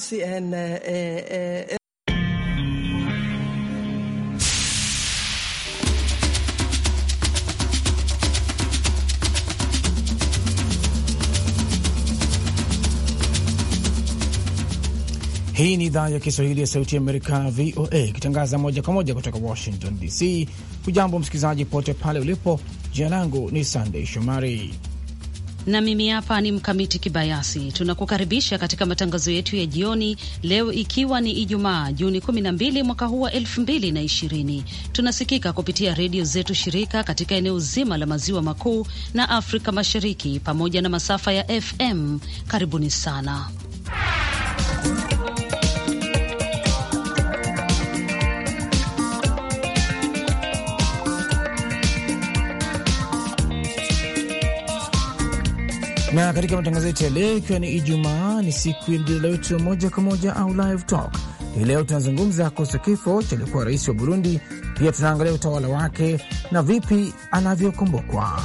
And, uh, uh, uh, hii ni idhaa ya Kiswahili ya Sauti ya Amerika, VOA, ikitangaza moja kwa moja kutoka Washington DC. Hujambo msikilizaji pote pale ulipo. Jina langu ni Sandey Shomari na mimi hapa ni Mkamiti Kibayasi. Tunakukaribisha katika matangazo yetu ya jioni leo, ikiwa ni Ijumaa Juni 12 mwaka huu wa 2020. Tunasikika kupitia redio zetu shirika katika eneo zima la maziwa makuu na Afrika Mashariki, pamoja na masafa ya FM. Karibuni sana. na katika matangazo yetu ya leo, ikiwa ni Ijumaa, ni siku ya mjadala wetu wa moja kwa moja au live talk. Hii leo tunazungumza kuhusu kifo cha aliyekuwa rais wa Burundi. Pia tunaangalia utawala wake na vipi anavyokumbukwa.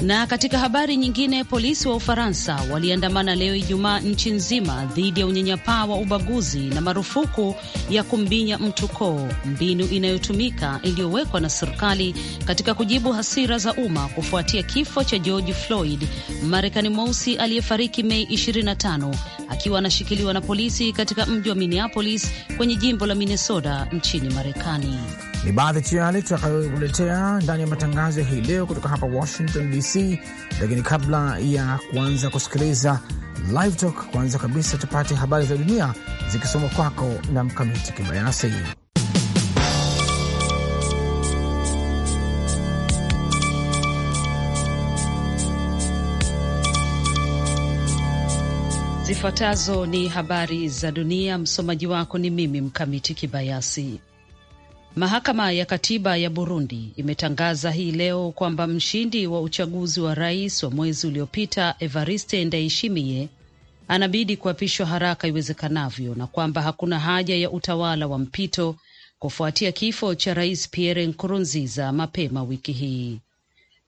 Na katika habari nyingine, polisi wa Ufaransa waliandamana leo Ijumaa nchi nzima dhidi ya unyanyapaa wa ubaguzi na marufuku ya kumbinya mtu koo, mbinu inayotumika iliyowekwa na serikali katika kujibu hasira za umma kufuatia kifo cha George Floyd, Marekani mweusi aliyefariki Mei 25 akiwa anashikiliwa na polisi katika mji wa Minneapolis kwenye jimbo la Minnesota nchini Marekani. Ni baadhi tu yale tutakayokuletea ndani ya matangazo hii leo kutoka hapa Washington DC, lakini kabla ya kuanza kusikiliza Live Talk, kwanza kabisa tupate habari za dunia zikisomwa kwako na Mkamiti Kibayasi. Zifuatazo ni habari za dunia, msomaji wako ni mimi Mkamiti Kibayasi. Mahakama ya Katiba ya Burundi imetangaza hii leo kwamba mshindi wa uchaguzi wa rais wa mwezi uliopita Evariste Ndayishimiye anabidi kuapishwa haraka iwezekanavyo na kwamba hakuna haja ya utawala wa mpito kufuatia kifo cha Rais Pierre Nkurunziza mapema wiki hii.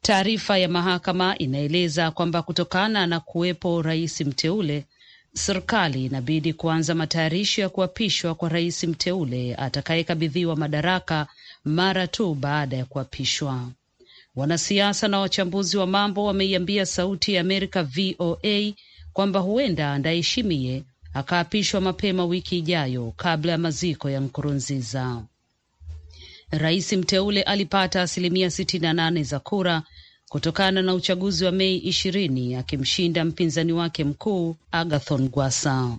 Taarifa ya mahakama inaeleza kwamba kutokana na kuwepo rais mteule serikali inabidi kuanza matayarisho ya kuapishwa kwa rais mteule atakayekabidhiwa madaraka mara tu baada ya kuapishwa. Wanasiasa na wachambuzi wa mambo wameiambia Sauti ya Amerika VOA kwamba huenda Ndayishimiye akaapishwa mapema wiki ijayo kabla ya maziko ya Nkurunziza. Rais mteule alipata asilimia sitini na nane za kura kutokana na uchaguzi wa Mei ishirini akimshinda mpinzani wake mkuu Agathon Gwasa.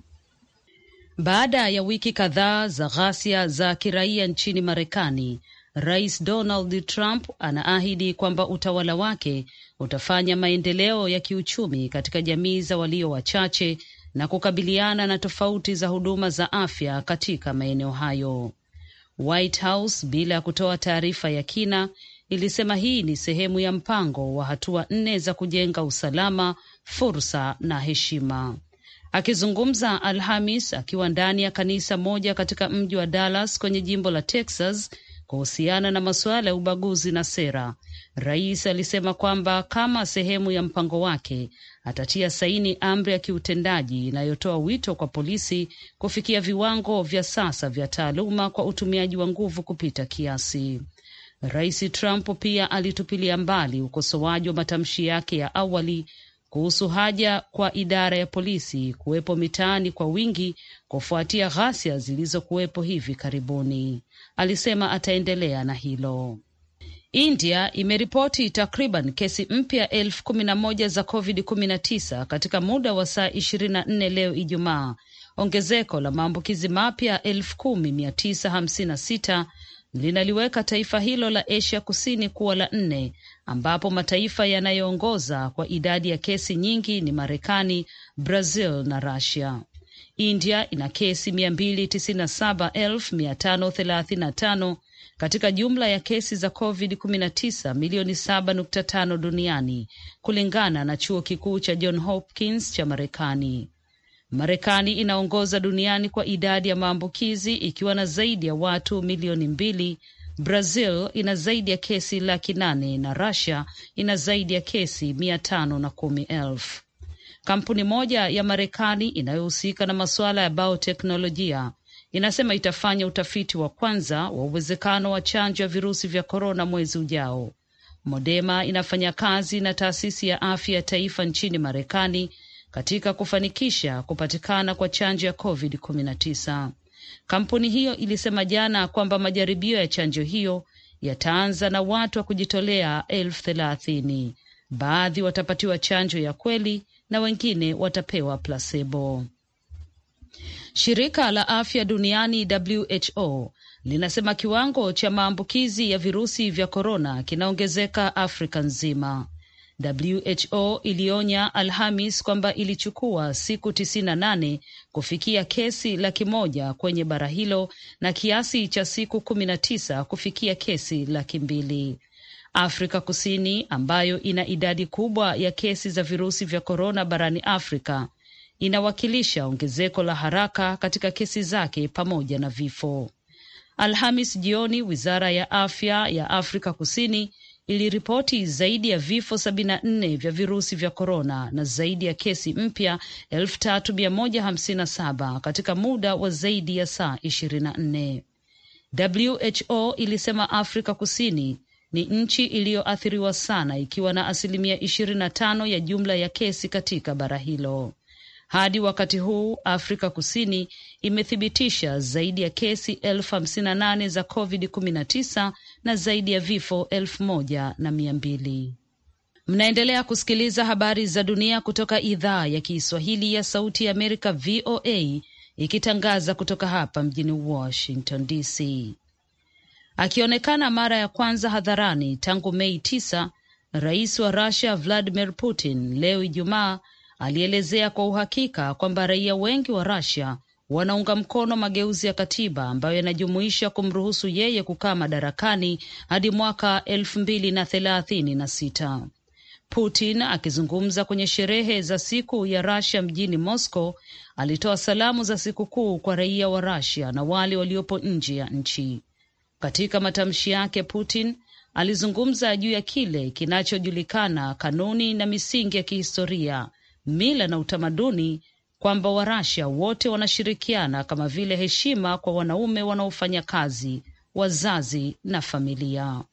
Baada ya wiki kadhaa za ghasia za kiraia nchini Marekani, Rais Donald Trump anaahidi kwamba utawala wake utafanya maendeleo ya kiuchumi katika jamii za walio wachache na kukabiliana na tofauti za huduma za afya katika maeneo hayo. White House, bila ya kutoa taarifa ya kina, ilisema hii ni sehemu ya mpango wa hatua nne za kujenga usalama, fursa na heshima. Akizungumza Alhamis akiwa ndani ya kanisa moja katika mji wa Dallas kwenye jimbo la Texas kuhusiana na masuala ya ubaguzi na sera, rais alisema kwamba kama sehemu ya mpango wake atatia saini amri ya kiutendaji inayotoa wito kwa polisi kufikia viwango vya sasa vya taaluma kwa utumiaji wa nguvu kupita kiasi. Rais Trump pia alitupilia mbali ukosoaji wa matamshi yake ya awali kuhusu haja kwa idara ya polisi kuwepo mitaani kwa wingi kufuatia ghasia zilizokuwepo hivi karibuni. Alisema ataendelea na hilo. India imeripoti takriban kesi mpya elfu kumi na moja za COVID-19 katika muda wa saa 24 leo Ijumaa, ongezeko la maambukizi mapya elfu kumi mia tisa hamsini na sita linaliweka taifa hilo la Asia Kusini kuwa la nne ambapo mataifa yanayoongoza kwa idadi ya kesi nyingi ni Marekani, Brazil na Russia. India ina kesi 297,535 katika jumla ya kesi za COVID-19 milioni 7.5 duniani kulingana na chuo kikuu cha John Hopkins cha Marekani. Marekani inaongoza duniani kwa idadi ya maambukizi ikiwa na zaidi ya watu milioni mbili. Brazil ina zaidi ya kesi laki nane na rasia ina zaidi ya kesi mia tano na kumi elfu. Kampuni moja ya Marekani inayohusika na masuala ya bioteknolojia inasema itafanya utafiti wa kwanza wa uwezekano wa chanjo ya virusi vya korona mwezi ujao. Modema inafanya kazi na taasisi ya afya ya taifa nchini Marekani katika kufanikisha kupatikana kwa chanjo ya COVID-19. Kampuni hiyo ilisema jana kwamba majaribio ya chanjo hiyo yataanza na watu wa kujitolea elfu thelathini. Baadhi watapatiwa chanjo ya kweli na wengine watapewa placebo. Shirika la afya duniani WHO linasema kiwango cha maambukizi ya virusi vya korona kinaongezeka Afrika nzima. WHO ilionya Alhamis kwamba ilichukua siku 98 nane kufikia kesi laki moja kwenye bara hilo na kiasi cha siku kumi na tisa kufikia kesi laki mbili. Afrika Kusini ambayo ina idadi kubwa ya kesi za virusi vya korona barani Afrika inawakilisha ongezeko la haraka katika kesi zake pamoja na vifo. Alhamis jioni, wizara ya afya ya Afrika Kusini iliripoti zaidi ya vifo 74 vya virusi vya korona na zaidi ya kesi mpya 3157 katika muda wa zaidi ya saa 24. WHO ilisema Afrika Kusini ni nchi iliyoathiriwa sana ikiwa na asilimia 25 ya jumla ya kesi katika bara hilo. Hadi wakati huu Afrika Kusini imethibitisha zaidi ya kesi elfu hamsini na nane za Covid 19 na zaidi ya vifo elfu moja na mia mbili. Mnaendelea kusikiliza habari za dunia kutoka idhaa ya Kiswahili ya Sauti ya Amerika, VOA, ikitangaza kutoka hapa mjini Washington DC. Akionekana mara ya kwanza hadharani tangu Mei 9 rais wa Rusia Vladimir Putin leo Ijumaa alielezea kwa uhakika kwamba raia wengi wa Russia wanaunga mkono mageuzi ya katiba ambayo yanajumuisha kumruhusu yeye kukaa madarakani hadi mwaka elfu mbili na thelathini na sita. Putin akizungumza kwenye sherehe za siku ya Rasia mjini Moscow alitoa salamu za sikukuu kwa raia wa Rasia na wale waliopo nje ya nchi. Katika matamshi yake, Putin alizungumza juu ya kile kinachojulikana kanuni na misingi ya kihistoria mila na utamaduni kwamba Warasha wote wanashirikiana kama vile heshima kwa wanaume wanaofanya kazi, wazazi na familia.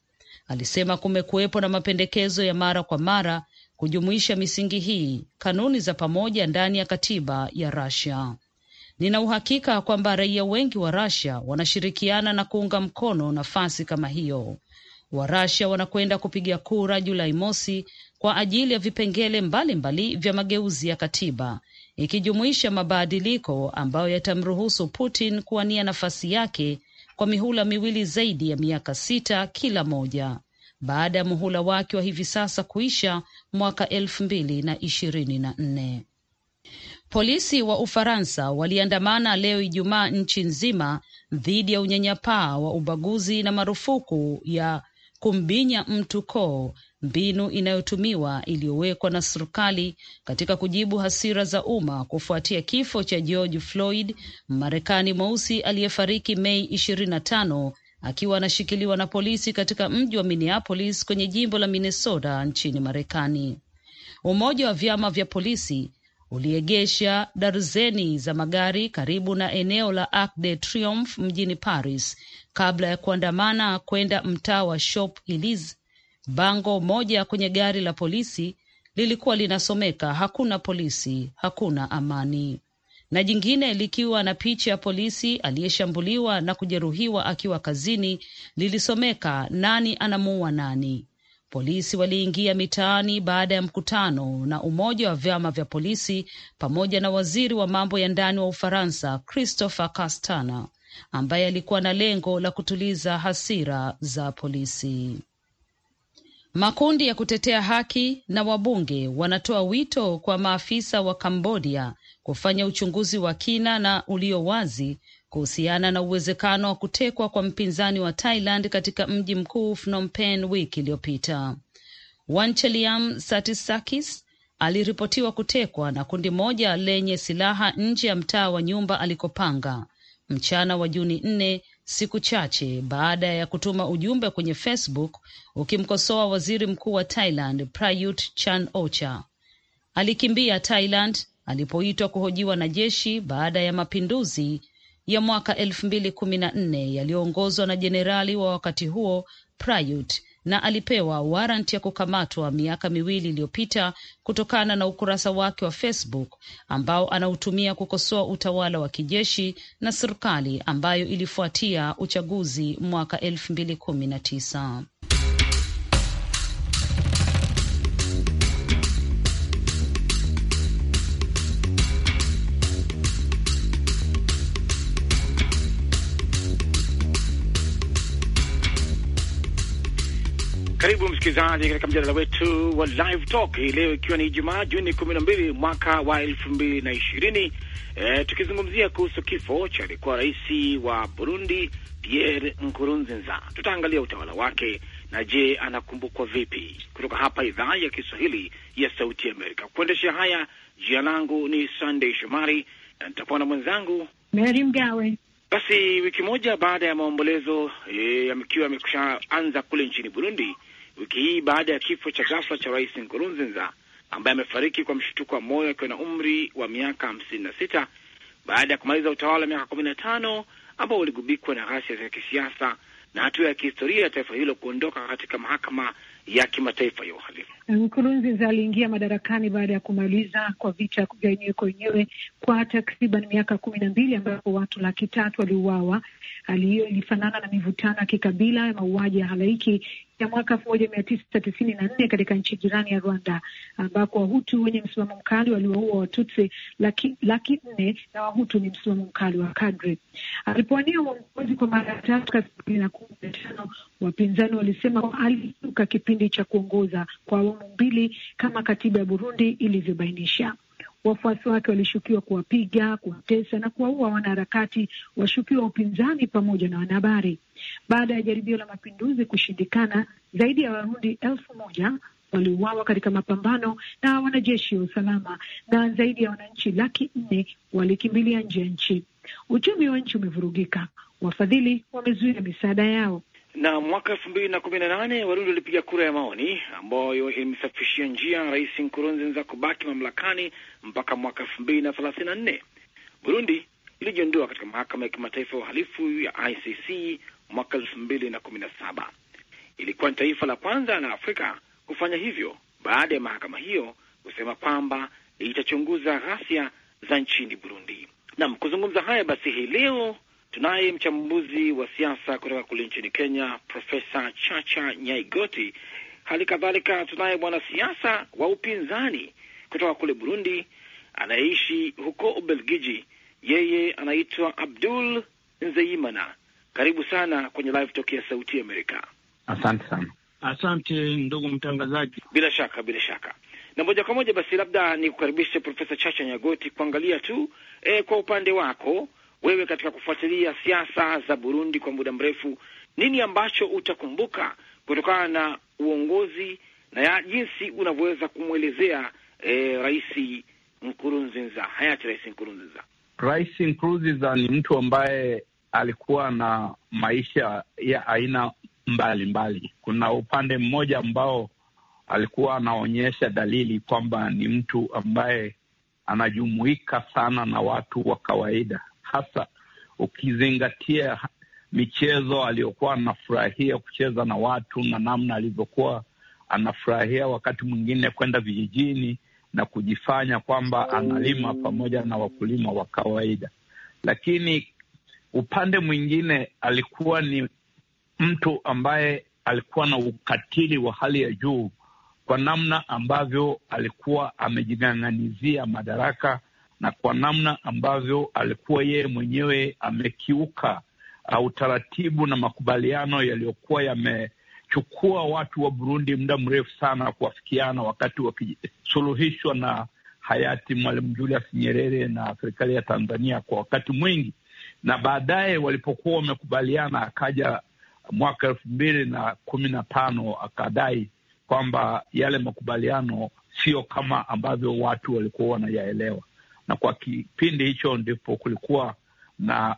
Alisema kumekuwepo na mapendekezo ya mara kwa mara kujumuisha misingi hii kanuni za pamoja ndani ya katiba ya Rasia. Nina uhakika kwamba raia wengi wa Rasia wanashirikiana na kuunga mkono nafasi kama hiyo. Warasia wanakwenda kupiga kura Julai mosi kwa ajili ya vipengele mbalimbali mbali vya mageuzi ya katiba ikijumuisha mabadiliko ambayo yatamruhusu Putin kuwania nafasi yake kwa mihula miwili zaidi ya miaka sita kila moja baada ya muhula wake wa hivi sasa kuisha mwaka elfu mbili na ishirini na nne. Polisi wa Ufaransa waliandamana leo Ijumaa nchi nzima dhidi ya unyanyapaa wa ubaguzi na marufuku ya kumbinya mtu koo mbinu inayotumiwa iliyowekwa na serikali katika kujibu hasira za umma kufuatia kifo cha George Floyd, marekani mweusi aliyefariki Mei 25 akiwa anashikiliwa na polisi katika mji wa Minneapolis kwenye jimbo la Minnesota nchini Marekani. Umoja wa vyama vya polisi uliegesha darzeni za magari karibu na eneo la Arc de Triomphe mjini Paris kabla ya kuandamana kwenda mtaa wa Champs Elysees Bango moja kwenye gari la polisi lilikuwa linasomeka hakuna polisi, hakuna amani, na jingine likiwa na picha ya polisi aliyeshambuliwa na kujeruhiwa akiwa kazini lilisomeka nani anamuua nani. Polisi waliingia mitaani baada ya mkutano na umoja wa vyama vya polisi pamoja na waziri wa mambo ya ndani wa Ufaransa Christopher Castana ambaye alikuwa na lengo la kutuliza hasira za polisi. Makundi ya kutetea haki na wabunge wanatoa wito kwa maafisa wa Kambodia kufanya uchunguzi wa kina na ulio wazi kuhusiana na uwezekano wa kutekwa kwa mpinzani wa Thailand katika mji mkuu Phnom Penh wiki iliyopita. Wancheliam Satisakis aliripotiwa kutekwa na kundi moja lenye silaha nje ya mtaa wa nyumba alikopanga mchana wa Juni nne siku chache baada ya kutuma ujumbe kwenye Facebook ukimkosoa waziri mkuu wa Thailand Prayut Chan-ocha. Alikimbia Thailand alipoitwa kuhojiwa na jeshi baada ya mapinduzi ya mwaka elfu mbili kumi na nne yaliyoongozwa na jenerali wa wakati huo Prayut na alipewa waranti ya kukamatwa miaka miwili iliyopita kutokana na ukurasa wake wa Facebook ambao anautumia kukosoa utawala wa kijeshi na serikali ambayo ilifuatia uchaguzi mwaka elfu mbili kumi na tisa. Karibu msikilizaji katika mjadala wetu wa Live Talk hii leo, ikiwa ni Ijumaa Juni kumi na mbili mwaka wa elfu mbili na ishirini e, tukizungumzia kuhusu kifo cha alikuwa rais wa Burundi Pierre Nkurunziza. Tutaangalia utawala wake na je, anakumbukwa vipi? Kutoka hapa idhaa ya Kiswahili ya Sauti ya Amerika kuendesha haya, jina langu ni Sunday Shomari na nitakuwa na mwenzangu Mary Mgawe. Basi wiki moja baada ya maombolezo e, yakiwa yamekusha anza kule nchini Burundi, wiki hii baada ya kifo cha ghafla cha Rais Nkurunziza ambaye amefariki kwa mshtuko wa moyo akiwa na umri wa miaka hamsini na sita baada ya kumaliza utawala wa miaka kumi na tano ambao uligubikwa na ghasia za kisiasa na hatua ya kihistoria ya taifa hilo kuondoka katika mahakama ya kimataifa ya uhalifu. Nkurunziza aliingia madarakani baada ya kumaliza kwa vita vya wenyewe kwa wenyewe kwa takriban miaka kumi na mbili ambapo watu laki tatu waliuawa. Hali hiyo ilifanana na mivutano ya kikabila ya mauaji ya halaiki ya mwaka elfu moja mia tisa tisini na nne katika nchi jirani ya Rwanda, ambako wahutu wenye msimamo mkali waliwaua watutsi laki, laki nne na wahutu ni msimamo mkali wa kadri. alipoania uongozi kwa mara ya tatu katika elfu mbili na kumi na tano wapinzani walisema alikiuka kipindi cha kuongoza kwa awamu mbili kama katiba ya Burundi ilivyobainisha. Wafuasi wake walishukiwa kuwapiga, kuwatesa na kuwaua wanaharakati, washukiwa upinzani pamoja na wanahabari. Baada ya jaribio la mapinduzi kushindikana, zaidi ya Warundi elfu moja waliuawa katika mapambano na wanajeshi wa usalama na zaidi ya wananchi laki nne walikimbilia nje ya nchi. Uchumi wa nchi umevurugika, wafadhili wamezuia misaada yao, na mwaka elfu mbili na kumi na nane Warundi walipiga kura ya maoni ambayo ilimsafishia njia Rais Nkurunziza kubaki mamlakani mpaka mwaka elfu mbili na thelathini na nne. Burundi ilijiondoa katika mahakama ya kimataifa ya uhalifu ya ICC mwaka elfu mbili na kumi na saba. Ilikuwa ni taifa la kwanza la Afrika kufanya hivyo baada ya mahakama hiyo kusema kwamba itachunguza ghasia za nchini Burundi. Nam, kuzungumza haya basi, hii leo Tunaye mchambuzi wa siasa kutoka kule nchini Kenya, Profesa Chacha Nyaigoti. Hali kadhalika tunaye mwanasiasa wa upinzani kutoka kule Burundi anayeishi huko Ubelgiji, yeye anaitwa Abdul nzeimana Karibu sana kwenye Live Talk ya Sauti ya Amerika. Asante sana. Asante ndugu mtangazaji. Bila shaka, bila shaka. Na moja kwa moja basi, labda ni Profesa Chacha Nyagoti kuangalia tu e, kwa upande wako wewe katika kufuatilia siasa za Burundi kwa muda mrefu, nini ambacho utakumbuka kutokana na uongozi na ya jinsi unavyoweza kumwelezea e, Rais Nkurunziza, hayati Rais Nkurunziza? Rais Nkurunziza ni mtu ambaye alikuwa na maisha ya aina mbalimbali mbali. Kuna upande mmoja ambao alikuwa anaonyesha dalili kwamba ni mtu ambaye anajumuika sana na watu wa kawaida hasa ukizingatia michezo aliyokuwa anafurahia kucheza na watu na namna alivyokuwa anafurahia wakati mwingine kwenda vijijini na kujifanya kwamba analima pamoja na wakulima wa kawaida. Lakini upande mwingine, alikuwa ni mtu ambaye alikuwa na ukatili wa hali ya juu kwa namna ambavyo alikuwa amejing'ang'anizia madaraka na kwa namna ambavyo alikuwa yeye mwenyewe amekiuka uh, utaratibu na makubaliano yaliyokuwa yamechukua watu wa Burundi muda mrefu sana kuwafikiana wakati wakisuluhishwa na hayati Mwalimu Julius Nyerere na serikali ya Tanzania kwa wakati mwingi, na baadaye walipokuwa wamekubaliana, akaja mwaka elfu mbili na kumi na tano akadai kwamba yale makubaliano sio kama ambavyo watu walikuwa wanayaelewa na kwa kipindi hicho ndipo kulikuwa na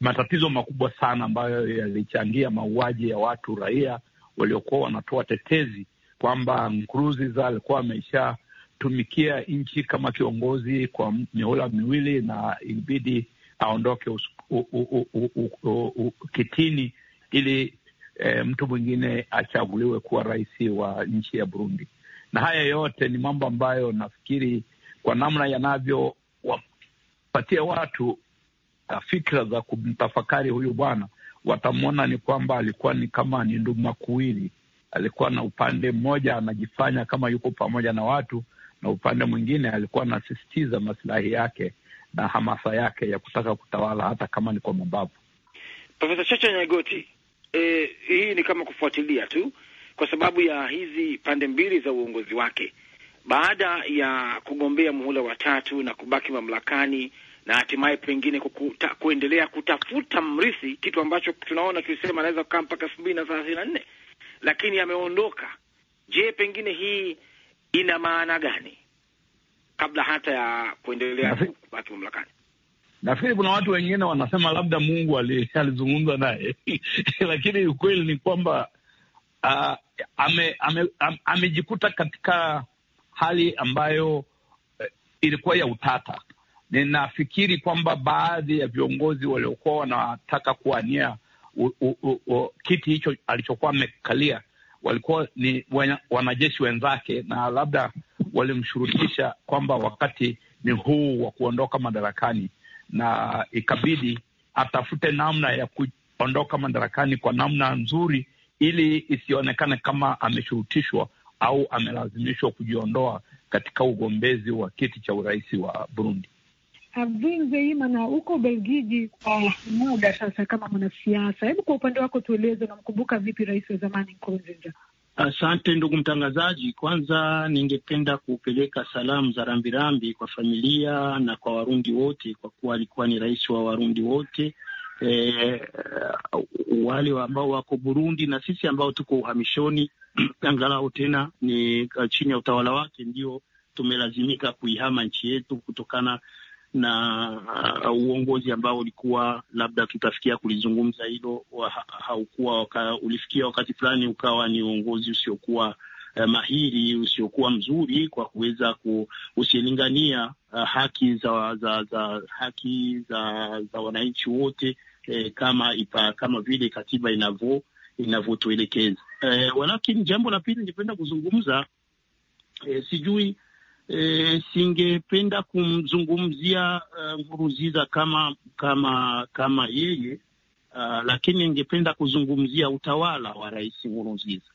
matatizo makubwa sana ambayo yalichangia mauaji ya watu raia waliokuwa wanatoa tetezi kwamba Nkurunziza alikuwa ameshatumikia nchi kama kiongozi kwa mihula miwili na ilibidi aondoke kitini ili e, mtu mwingine achaguliwe kuwa rais wa nchi ya Burundi. Na haya yote ni mambo ambayo nafikiri kwa namna yanavyo kupatia watu uh, fikra za kumtafakari huyu bwana, watamwona ni kwamba alikuwa ni kama ni nduma kuwili. Alikuwa na upande mmoja anajifanya kama yuko pamoja na watu, na upande mwingine alikuwa anasisitiza masilahi yake na hamasa yake ya kutaka kutawala hata kama ni kwa mabavu. Profesa Chacha Nyagoti, eh, hii ni kama kufuatilia tu kwa sababu ya hizi pande mbili za uongozi wake. Baada ya kugombea muhula wa tatu na kubaki mamlakani na hatimaye pengine kukuta, kuendelea kutafuta mrithi, kitu ambacho tunaona tulisema anaweza kukaa mpaka elfu mbili na thelathini na nne lakini ameondoka. Je, pengine hii ina maana gani kabla hata ya kuendelea kubaki mamlakani? Nafikiri kuna watu wengine wanasema labda Mungu alizungumza naye lakini ukweli ni kwamba uh, amejikuta ame, ame katika hali ambayo uh, ilikuwa ya utata ninafikiri kwamba baadhi ya viongozi waliokuwa wanataka kuwania kiti hicho alichokuwa amekalia walikuwa ni wanajeshi wenzake, na labda walimshurutisha kwamba wakati ni huu wa kuondoka madarakani, na ikabidi atafute namna ya kuondoka madarakani kwa namna nzuri, ili isionekane kama ameshurutishwa au amelazimishwa kujiondoa katika ugombezi wa kiti cha urais wa Burundi. Avin Zeimana, uko kwa muda sasa kama mwanasiasa, hebu kwa upande wako tueleze, unamkumbuka vipi rais wa zamani Nkurunziza? Asante ndugu mtangazaji, kwanza ningependa kupeleka salamu za rambirambi kwa familia na kwa Warundi wote kwa kuwa alikuwa ni rais wa Warundi wote. E, wale ambao wako Burundi na sisi ambao tuko uhamishoni angalau tena ni eh, chini ya utawala wake ndio tumelazimika kuihama nchi yetu kutokana na uh, uongozi ambao ulikuwa labda tutafikia kulizungumza hilo wa, haukuwa waka, ulifikia wakati fulani ukawa ni uongozi usiokuwa uh, mahiri usiokuwa mzuri kwa kuweza usilingania uh, haki za, za, za haki za, za wananchi wote eh, kama ipa, kama vile katiba inavyo inavyotuelekeza eh, walakini jambo la pili ningependa kuzungumza eh, sijui E, singependa kumzungumzia e, Nguruziza uh, kama kama kama yeye uh, lakini ningependa kuzungumzia utawala wa Rais Nguruziza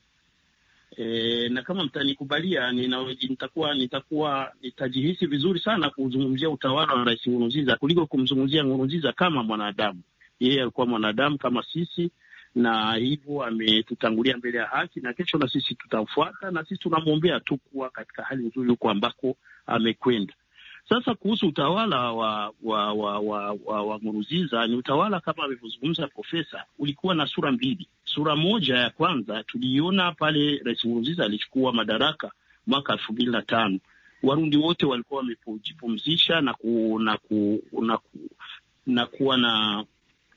e, na kama mtanikubalia, nitakuwa nitakuwa nitajihisi vizuri sana kuzungumzia utawala wa Rais Nguruziza kuliko kumzungumzia Nguruziza kama mwanadamu. Yeye alikuwa mwanadamu kama sisi na hivyo ametutangulia mbele ya haki, na kesho na sisi tutamfuata, na sisi tunamwombea tu kuwa katika hali nzuri huko ambako amekwenda. Sasa kuhusu utawala wa wa wa wa, wa, wa Nguruziza, ni utawala kama alivyozungumza profesa, ulikuwa na sura mbili. Sura moja ya kwanza tuliiona pale Rais Nguruziza alichukua madaraka mwaka elfu mbili na tano Warundi wote walikuwa wamejipumzisha na ku, na ku, na ku, na kuwa na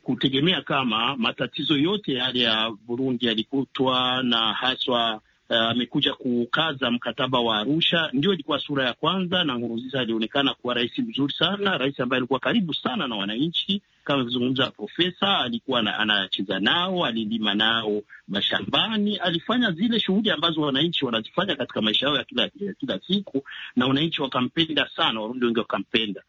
kutegemea kama matatizo yote yale ya Burundi yalikutwa na haswa eh, amekuja uh, kukaza mkataba wa Arusha. Ndio ilikuwa sura ya kwanza, na Nkurunziza alionekana kuwa rais mzuri sana, rais ambaye alikuwa karibu sana na wananchi kama alivyozungumza profesa, alikuwa na, anacheza nao, alilima nao mashambani, alifanya zile shughuli ambazo wananchi wanazifanya katika maisha yao ya kila, ya kila siku, na wananchi wakampenda sana, Warundi wengi wakampenda.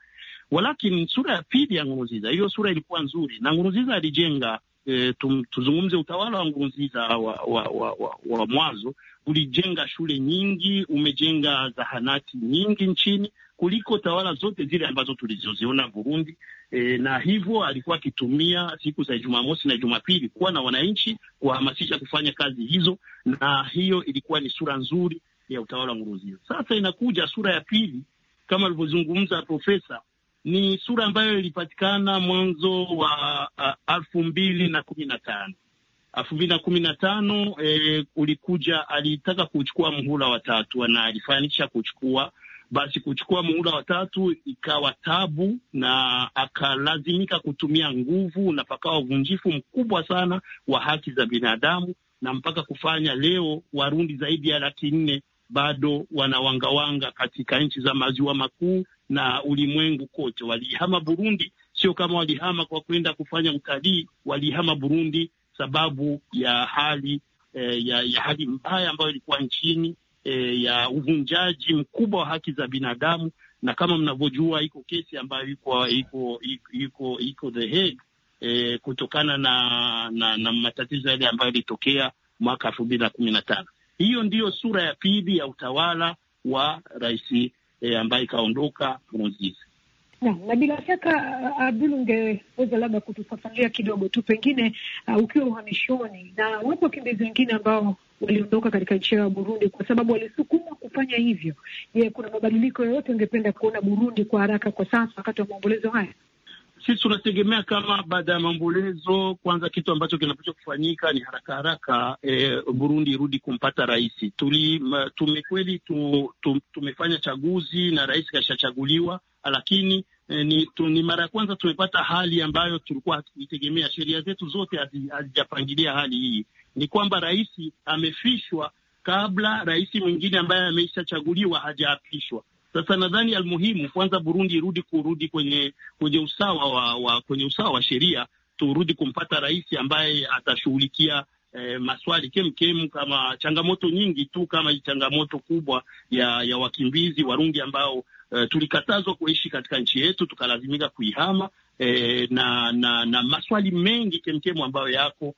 Walakini sura ya pili ya ngurunziza hiyo sura ilikuwa nzuri, na ngurunziza alijenga e, tum, tuzungumze utawala wa ngurunziza wa, wa, wa, wa, wa mwanzo ulijenga shule nyingi, umejenga zahanati nyingi nchini kuliko tawala zote zile ambazo tulizoziona Burundi. E, na hivyo alikuwa akitumia siku za Jumamosi na Jumapili kuwa na wananchi, kuwahamasisha kufanya kazi hizo, na hiyo ilikuwa ni sura nzuri ya utawala wa ngurunziza Sasa inakuja sura ya pili kama alivyozungumza profesa ni sura ambayo ilipatikana mwanzo wa elfu mbili na kumi na tano elfu mbili na kumi na tano e, ulikuja alitaka kuchukua muhula watatu na alifanikisha kuchukua. Basi kuchukua muhula watatu ikawa tabu, na akalazimika kutumia nguvu, na pakawa uvunjifu mkubwa sana wa haki za binadamu, na mpaka kufanya leo Warundi zaidi ya laki nne bado wanawangawanga katika nchi za maziwa makuu na ulimwengu kote. Walihama Burundi, sio kama walihama kwa kwenda kufanya utalii, walihama Burundi sababu ya hali eh, ya, ya hali mbaya ambayo ilikuwa nchini eh, ya uvunjaji mkubwa wa haki za binadamu, na kama mnavyojua iko kesi ambayo iko iko iko iko The Hague eh, kutokana na, na, na matatizo yale ambayo yalitokea mwaka elfu mbili na kumi na tano. Hiyo ndiyo sura ya pili ya utawala wa rais e, ambaye ikaondoka Nkurunziza. Na, na bila shaka uh, Abdul, ungeweza labda kutufafanulia kidogo tu pengine, uh, ukiwa uhamishoni na wapo wakimbizi wengine ambao waliondoka katika nchi yao ya Burundi kwa sababu walisukumwa kufanya hivyo. Je, kuna mabadiliko yoyote ungependa kuona Burundi kwa haraka kwa sasa wakati wa maombolezo haya? sisi tunategemea kama baada ya maombolezo, kwanza kitu ambacho kinapaswa kufanyika ni haraka haraka, e, Burundi irudi kumpata rais. Tumekweli tu, tu, tumefanya chaguzi na rais kashachaguliwa, lakini e, ni, tu, ni mara ya kwanza tumepata hali ambayo tulikuwa hatukuitegemea. Sheria zetu zote hazijapangilia hali hii, ni kwamba rais amefishwa kabla rais mwingine ambaye ameishachaguliwa hajaapishwa. Sasa nadhani almuhimu kwanza Burundi irudi kurudi kwenye kwenye usawa wa, wa kwenye usawa wa sheria, turudi kumpata rais ambaye atashughulikia eh, maswali kemkem kama changamoto nyingi tu kama changamoto kubwa ya ya wakimbizi Warundi ambao eh, tulikatazwa kuishi katika nchi yetu tukalazimika kuihama eh, na, na na maswali mengi kemkem ambayo yako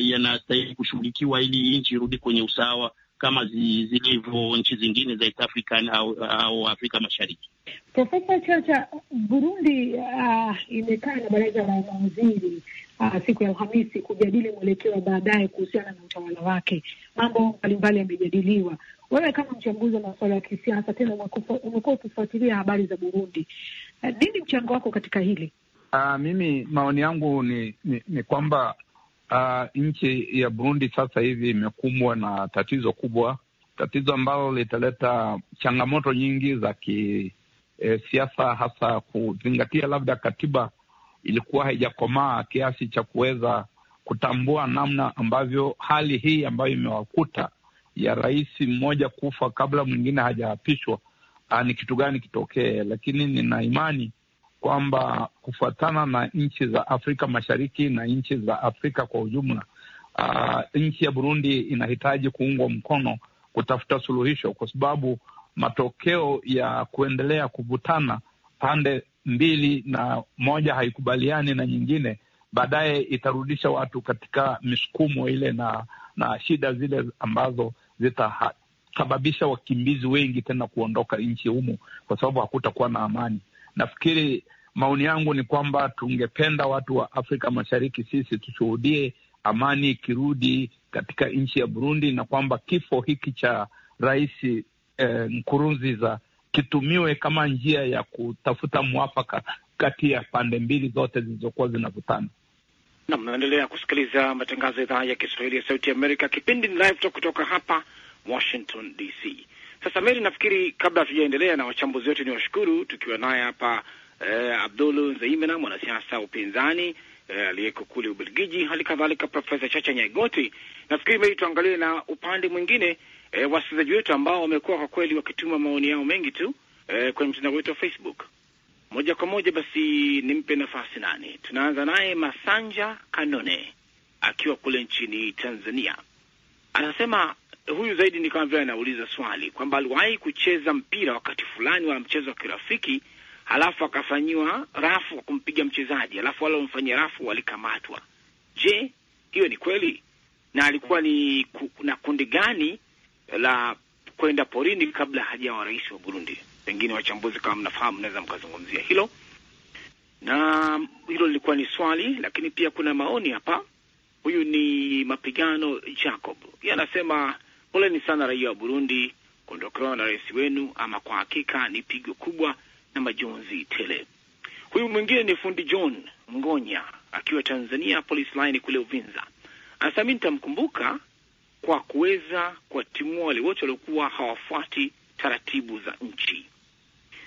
yanastahili eh, ya, ya kushughulikiwa ili nchi irudi kwenye usawa kama zilivyo nchi zingine za East African au, au Afrika Mashariki. Profesa Chacha, Burundi uh, imekaa na baraza la mawaziri uh, siku ya Alhamisi kujadili mwelekeo wa baadaye kuhusiana na utawala wake. Mambo mbalimbali yamejadiliwa. Wewe kama mchambuzi wa masuala ya kisiasa, tena umekuwa ukifuatilia habari za Burundi, ah, nini uh, mchango wako katika hili? Uh, mimi maoni yangu ni, ni, ni kwamba uh, nchi ya Burundi sasa hivi imekumbwa na tatizo kubwa, tatizo ambalo litaleta changamoto nyingi za kisiasa, eh, e, hasa kuzingatia labda katiba ilikuwa haijakomaa kiasi cha kuweza kutambua namna ambavyo hali hii ambayo imewakuta ya rais mmoja kufa kabla mwingine hajaapishwa ah, ni kitu gani kitokee, lakini nina imani kwamba kufuatana na nchi za Afrika Mashariki na nchi za Afrika kwa ujumla, uh, nchi ya Burundi inahitaji kuungwa mkono kutafuta suluhisho, kwa sababu matokeo ya kuendelea kuvutana pande mbili na moja haikubaliani na nyingine, baadaye itarudisha watu katika misukumo ile na na shida zile ambazo zitasababisha wakimbizi wengi tena kuondoka nchi humo, kwa sababu hakutakuwa na amani. Nafikiri maoni yangu ni kwamba tungependa watu wa Afrika Mashariki sisi tushuhudie amani ikirudi katika nchi ya Burundi, na kwamba kifo hiki cha rais eh, Nkurunziza kitumiwe kama njia ya kutafuta mwafaka kati ya pande mbili zote zilizokuwa zinavutana. Na mnaendelea kusikiliza matangazo ya idhaa ya Kiswahili ya Sauti ya Amerika, kipindi Live Talk kutoka hapa Washington DC. Sasa Meri, nafikiri kabla hatujaendelea na wachambuzi wetu, ni washukuru tukiwa naye hapa eh, Abdul Zaimena, mwanasiasa wa upinzani eh, aliyeko kule Ubelgiji, hali kadhalika Profesa Chacha Nyagoti. Nafikiri Meri, tuangalie na upande mwingine eh, wasikilizaji wetu ambao wamekuwa kwa kweli wakituma maoni yao mengi tu eh, kwenye mtandao wetu wa Facebook. Moja kwa moja basi nimpe nafasi nani? Tunaanza naye Masanja Kanone akiwa kule nchini Tanzania, anasema huyu zaidi ni kama vile anauliza swali kwamba aliwahi kucheza mpira wakati fulani, wa mchezo wa kirafiki, halafu akafanyiwa rafu wa kumpiga mchezaji, halafu wale wamfanyia rafu walikamatwa. Je, hiyo ni kweli? Na alikuwa ni na kundi gani la kwenda porini kabla hajawa rais wa Burundi? Pengine wachambuzi kama mnafahamu, naweza mkazungumzia hilo, na hilo lilikuwa ni swali, lakini pia kuna maoni hapa. Huyu ni mapigano Jacob, yeye anasema poleni sana raia wa Burundi kuondokewa na rais wenu, ama kwa hakika ni pigo kubwa na majonzi tele. Huyu mwingine ni fundi John Ngonya akiwa Tanzania Police Line kule Uvinza, anasema mi nitamkumbuka kwa kuweza kuwatimua wale wote waliokuwa hawafuati taratibu za nchi.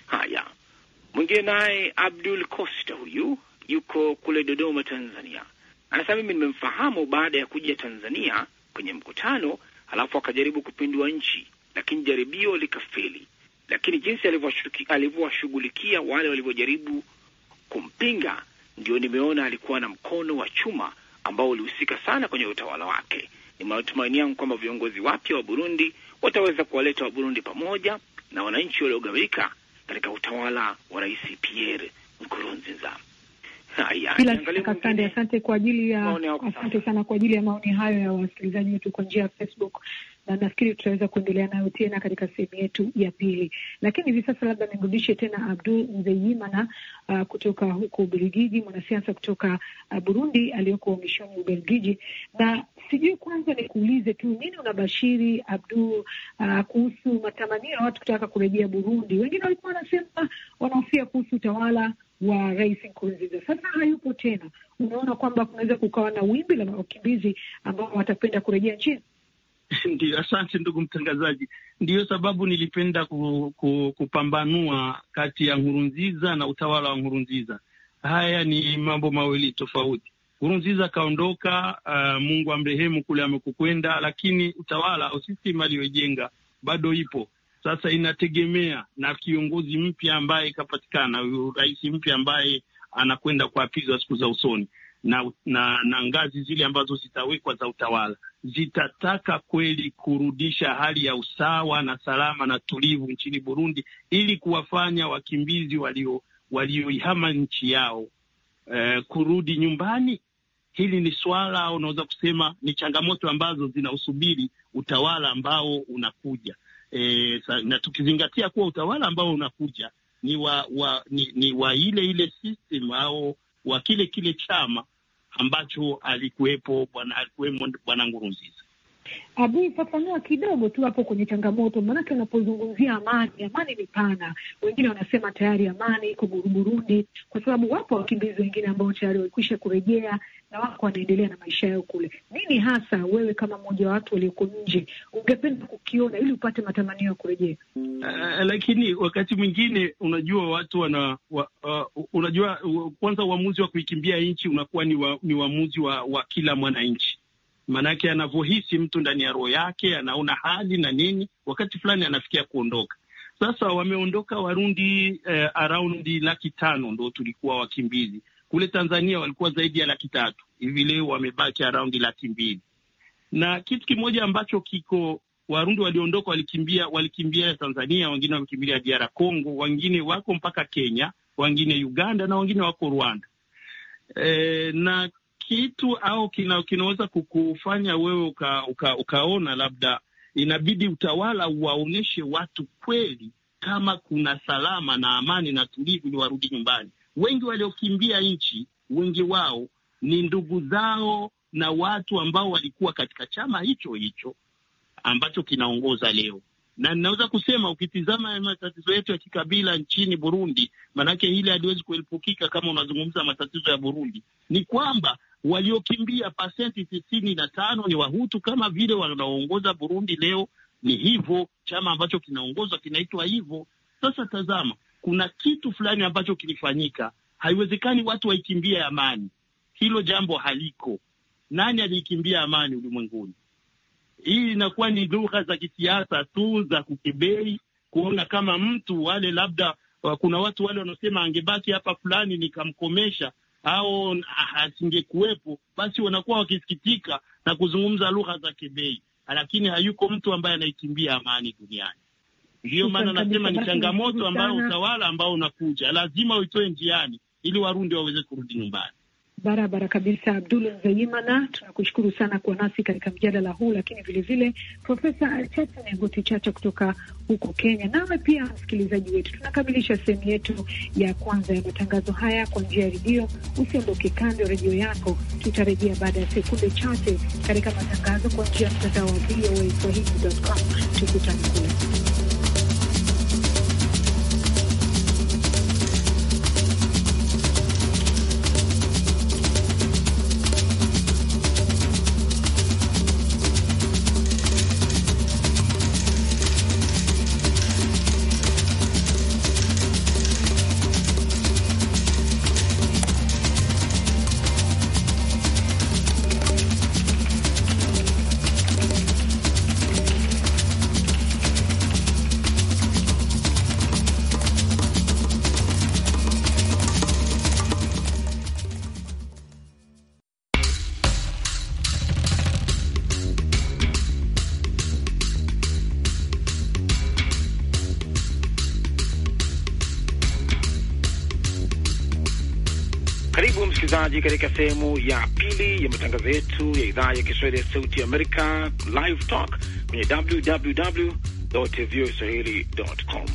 Haya, mwingine naye Abdul Costa, huyu yuko kule Dodoma, Tanzania, anasema mimi nimemfahamu baada ya kuja Tanzania kwenye mkutano alafu akajaribu kupindua nchi, lakini jaribio likafeli. Lakini jinsi alivyowashughulikia wale walivyojaribu kumpinga, ndio nimeona alikuwa na mkono wa chuma ambao ulihusika sana kwenye utawala wake. Ni matumaini yangu kwamba viongozi wapya wa Burundi wataweza kuwaleta wa burundi pamoja na wananchi waliogawika katika utawala wa Rais Pierre Nkurunziza. Bila shaka asante, asante kwa ajili ya asante sana kwa ajili ya maoni hayo ya wasikilizaji wetu kwa njia ya Facebook, na nafikiri tutaweza kuendelea nayo tena katika sehemu yetu ya pili, lakini hivi sasa labda nimrudishe tena Abdul Mzeyimana uh, kutoka huko Ubelgiji, mwanasiasa kutoka uh, Burundi aliyoko uhamishoni Ubelgiji. Na sijui kwanza nikuulize tu nini unabashiri Abdul, uh, kuhusu matamanio ya watu kutaka kurejea Burundi? Wengine walikuwa wanasema wanahofia kuhusu utawala wa Rais Nkurunziza. Sasa hayupo tena, unaona kwamba kunaweza kukawa na wimbi la wakimbizi ambao watapenda kurejea nchini. Ndio, asante ndugu mtangazaji. Ndiyo sababu nilipenda ku, ku, kupambanua kati ya Nkurunziza na utawala wa Nkurunziza. Haya ni mambo mawili tofauti. Nkurunziza akaondoka, uh, Mungu amrehemu kule amekukwenda lakini utawala au system aliyoijenga bado ipo. Sasa inategemea na kiongozi mpya ambaye ikapatikana, rais mpya ambaye anakwenda kuapizwa siku za usoni na, na, na ngazi zile ambazo zitawekwa za utawala zitataka kweli kurudisha hali ya usawa na salama na tulivu nchini Burundi ili kuwafanya wakimbizi walio walioihama nchi yao eh, kurudi nyumbani. Hili ni swala, unaweza kusema ni changamoto ambazo zinausubiri utawala ambao unakuja e, sa, na tukizingatia kuwa utawala ambao unakuja ni wa, wa ni, ni wa ile ile system au wa kile kile chama ambacho alikuwepo bwana alikuwemo bwana Abui, fafanua kidogo tu hapo kwenye changamoto, maanake unapozungumzia amani, amani ni pana. Wengine wanasema tayari amani iko Burundi, kwa sababu wapo wakimbizi wengine ambao tayari walikwisha kurejea na wako wanaendelea na maisha yao kule. Nini hasa wewe kama mmoja wa watu walioko nje ungependa kukiona ili upate matamanio ya kurejea? Uh, lakini wakati mwingine unajua watu wana wa, uh, unajua uh, kwanza uamuzi wa kuikimbia nchi unakuwa ni uamuzi wa, ni wa, wa kila mwananchi maanake anavyohisi mtu ndani ya roho yake, anaona hali na nini, wakati fulani anafikia kuondoka. Sasa wameondoka Warundi eh, araundi laki tano ndo tulikuwa wakimbizi kule Tanzania walikuwa zaidi ya laki tatu hivi, leo wamebaki araundi laki mbili. Na kitu kimoja ambacho kiko Warundi waliondoka walikimbia, walikimbia Tanzania, wengine wamekimbilia DR Congo, wengine wako mpaka Kenya, wengine Uganda na wengine wako Rwanda. E, na kitu au kina, kinaweza kukufanya wewe uka, uka, ukaona labda inabidi utawala uwaonyeshe watu kweli kama kuna salama na amani na tulivu, ni warudi nyumbani. Wengi waliokimbia nchi, wengi wao ni ndugu zao na watu ambao walikuwa katika chama hicho hicho ambacho kinaongoza leo, na ninaweza kusema ukitizama matatizo yetu ya kikabila nchini Burundi, maanake ile haliwezi kuepukika. Kama unazungumza matatizo ya Burundi, ni kwamba waliokimbia pasenti tisini na tano ni Wahutu, kama vile wanaoongoza Burundi leo ni hivyo, chama ambacho kinaongoza kinaitwa hivyo. Sasa tazama, kuna kitu fulani ambacho kilifanyika. Haiwezekani watu waikimbie amani, hilo jambo haliko. Nani aliikimbia amani ulimwenguni? Hii inakuwa ni lugha za kisiasa tu za kukebei, kuona kama mtu wale labda uh, kuna watu wale wanaosema angebaki hapa fulani nikamkomesha, au asingekuwepo, basi wanakuwa wakisikitika na kuzungumza lugha za kebei, lakini hayuko mtu ambaye anaikimbia amani duniani. Ndiyo maana nasema ni changamoto ambayo utawala ambao unakuja lazima uitoe njiani, ili Warundi waweze kurudi nyumbani barabara kabisa. Abdul Nzeyimana, tunakushukuru sana kuwa nasi katika mjadala huu, lakini vilevile Profesa Chacha Nyaigoti Chacha kutoka huko Kenya, nawe pia msikilizaji wetu. Tunakamilisha sehemu yetu ya kwanza ya matangazo haya kwa njia ya redio. Usiondoke kando redio yako, tutarejea baada ya sekunde chache katika matangazo kwa njia ya mtandao wa VOA Swahili.com. Tukutane kule. msikilizaji, katika sehemu ya pili ya matangazo yetu ya idhaa ya Kiswahili ya Sauti Amerika, Live Talk kwenye www voa swahili com.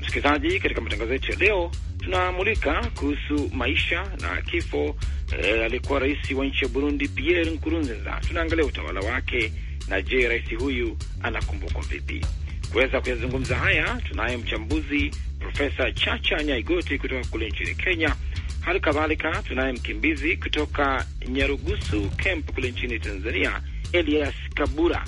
Msikilizaji, katika matangazo yetu ya leo tunamulika kuhusu maisha na kifo eh, aliyekuwa rais wa nchi ya Burundi Pierre Nkurunziza. Tunaangalia utawala wake na je, rais huyu anakumbukwa vipi? Kuweza kuyazungumza haya, tunaye mchambuzi Profesa Chacha Nyaigoti kutoka kule nchini Kenya Hali kadhalika tunaye mkimbizi kutoka Nyarugusu kemp kule nchini Tanzania, Elias Kabura.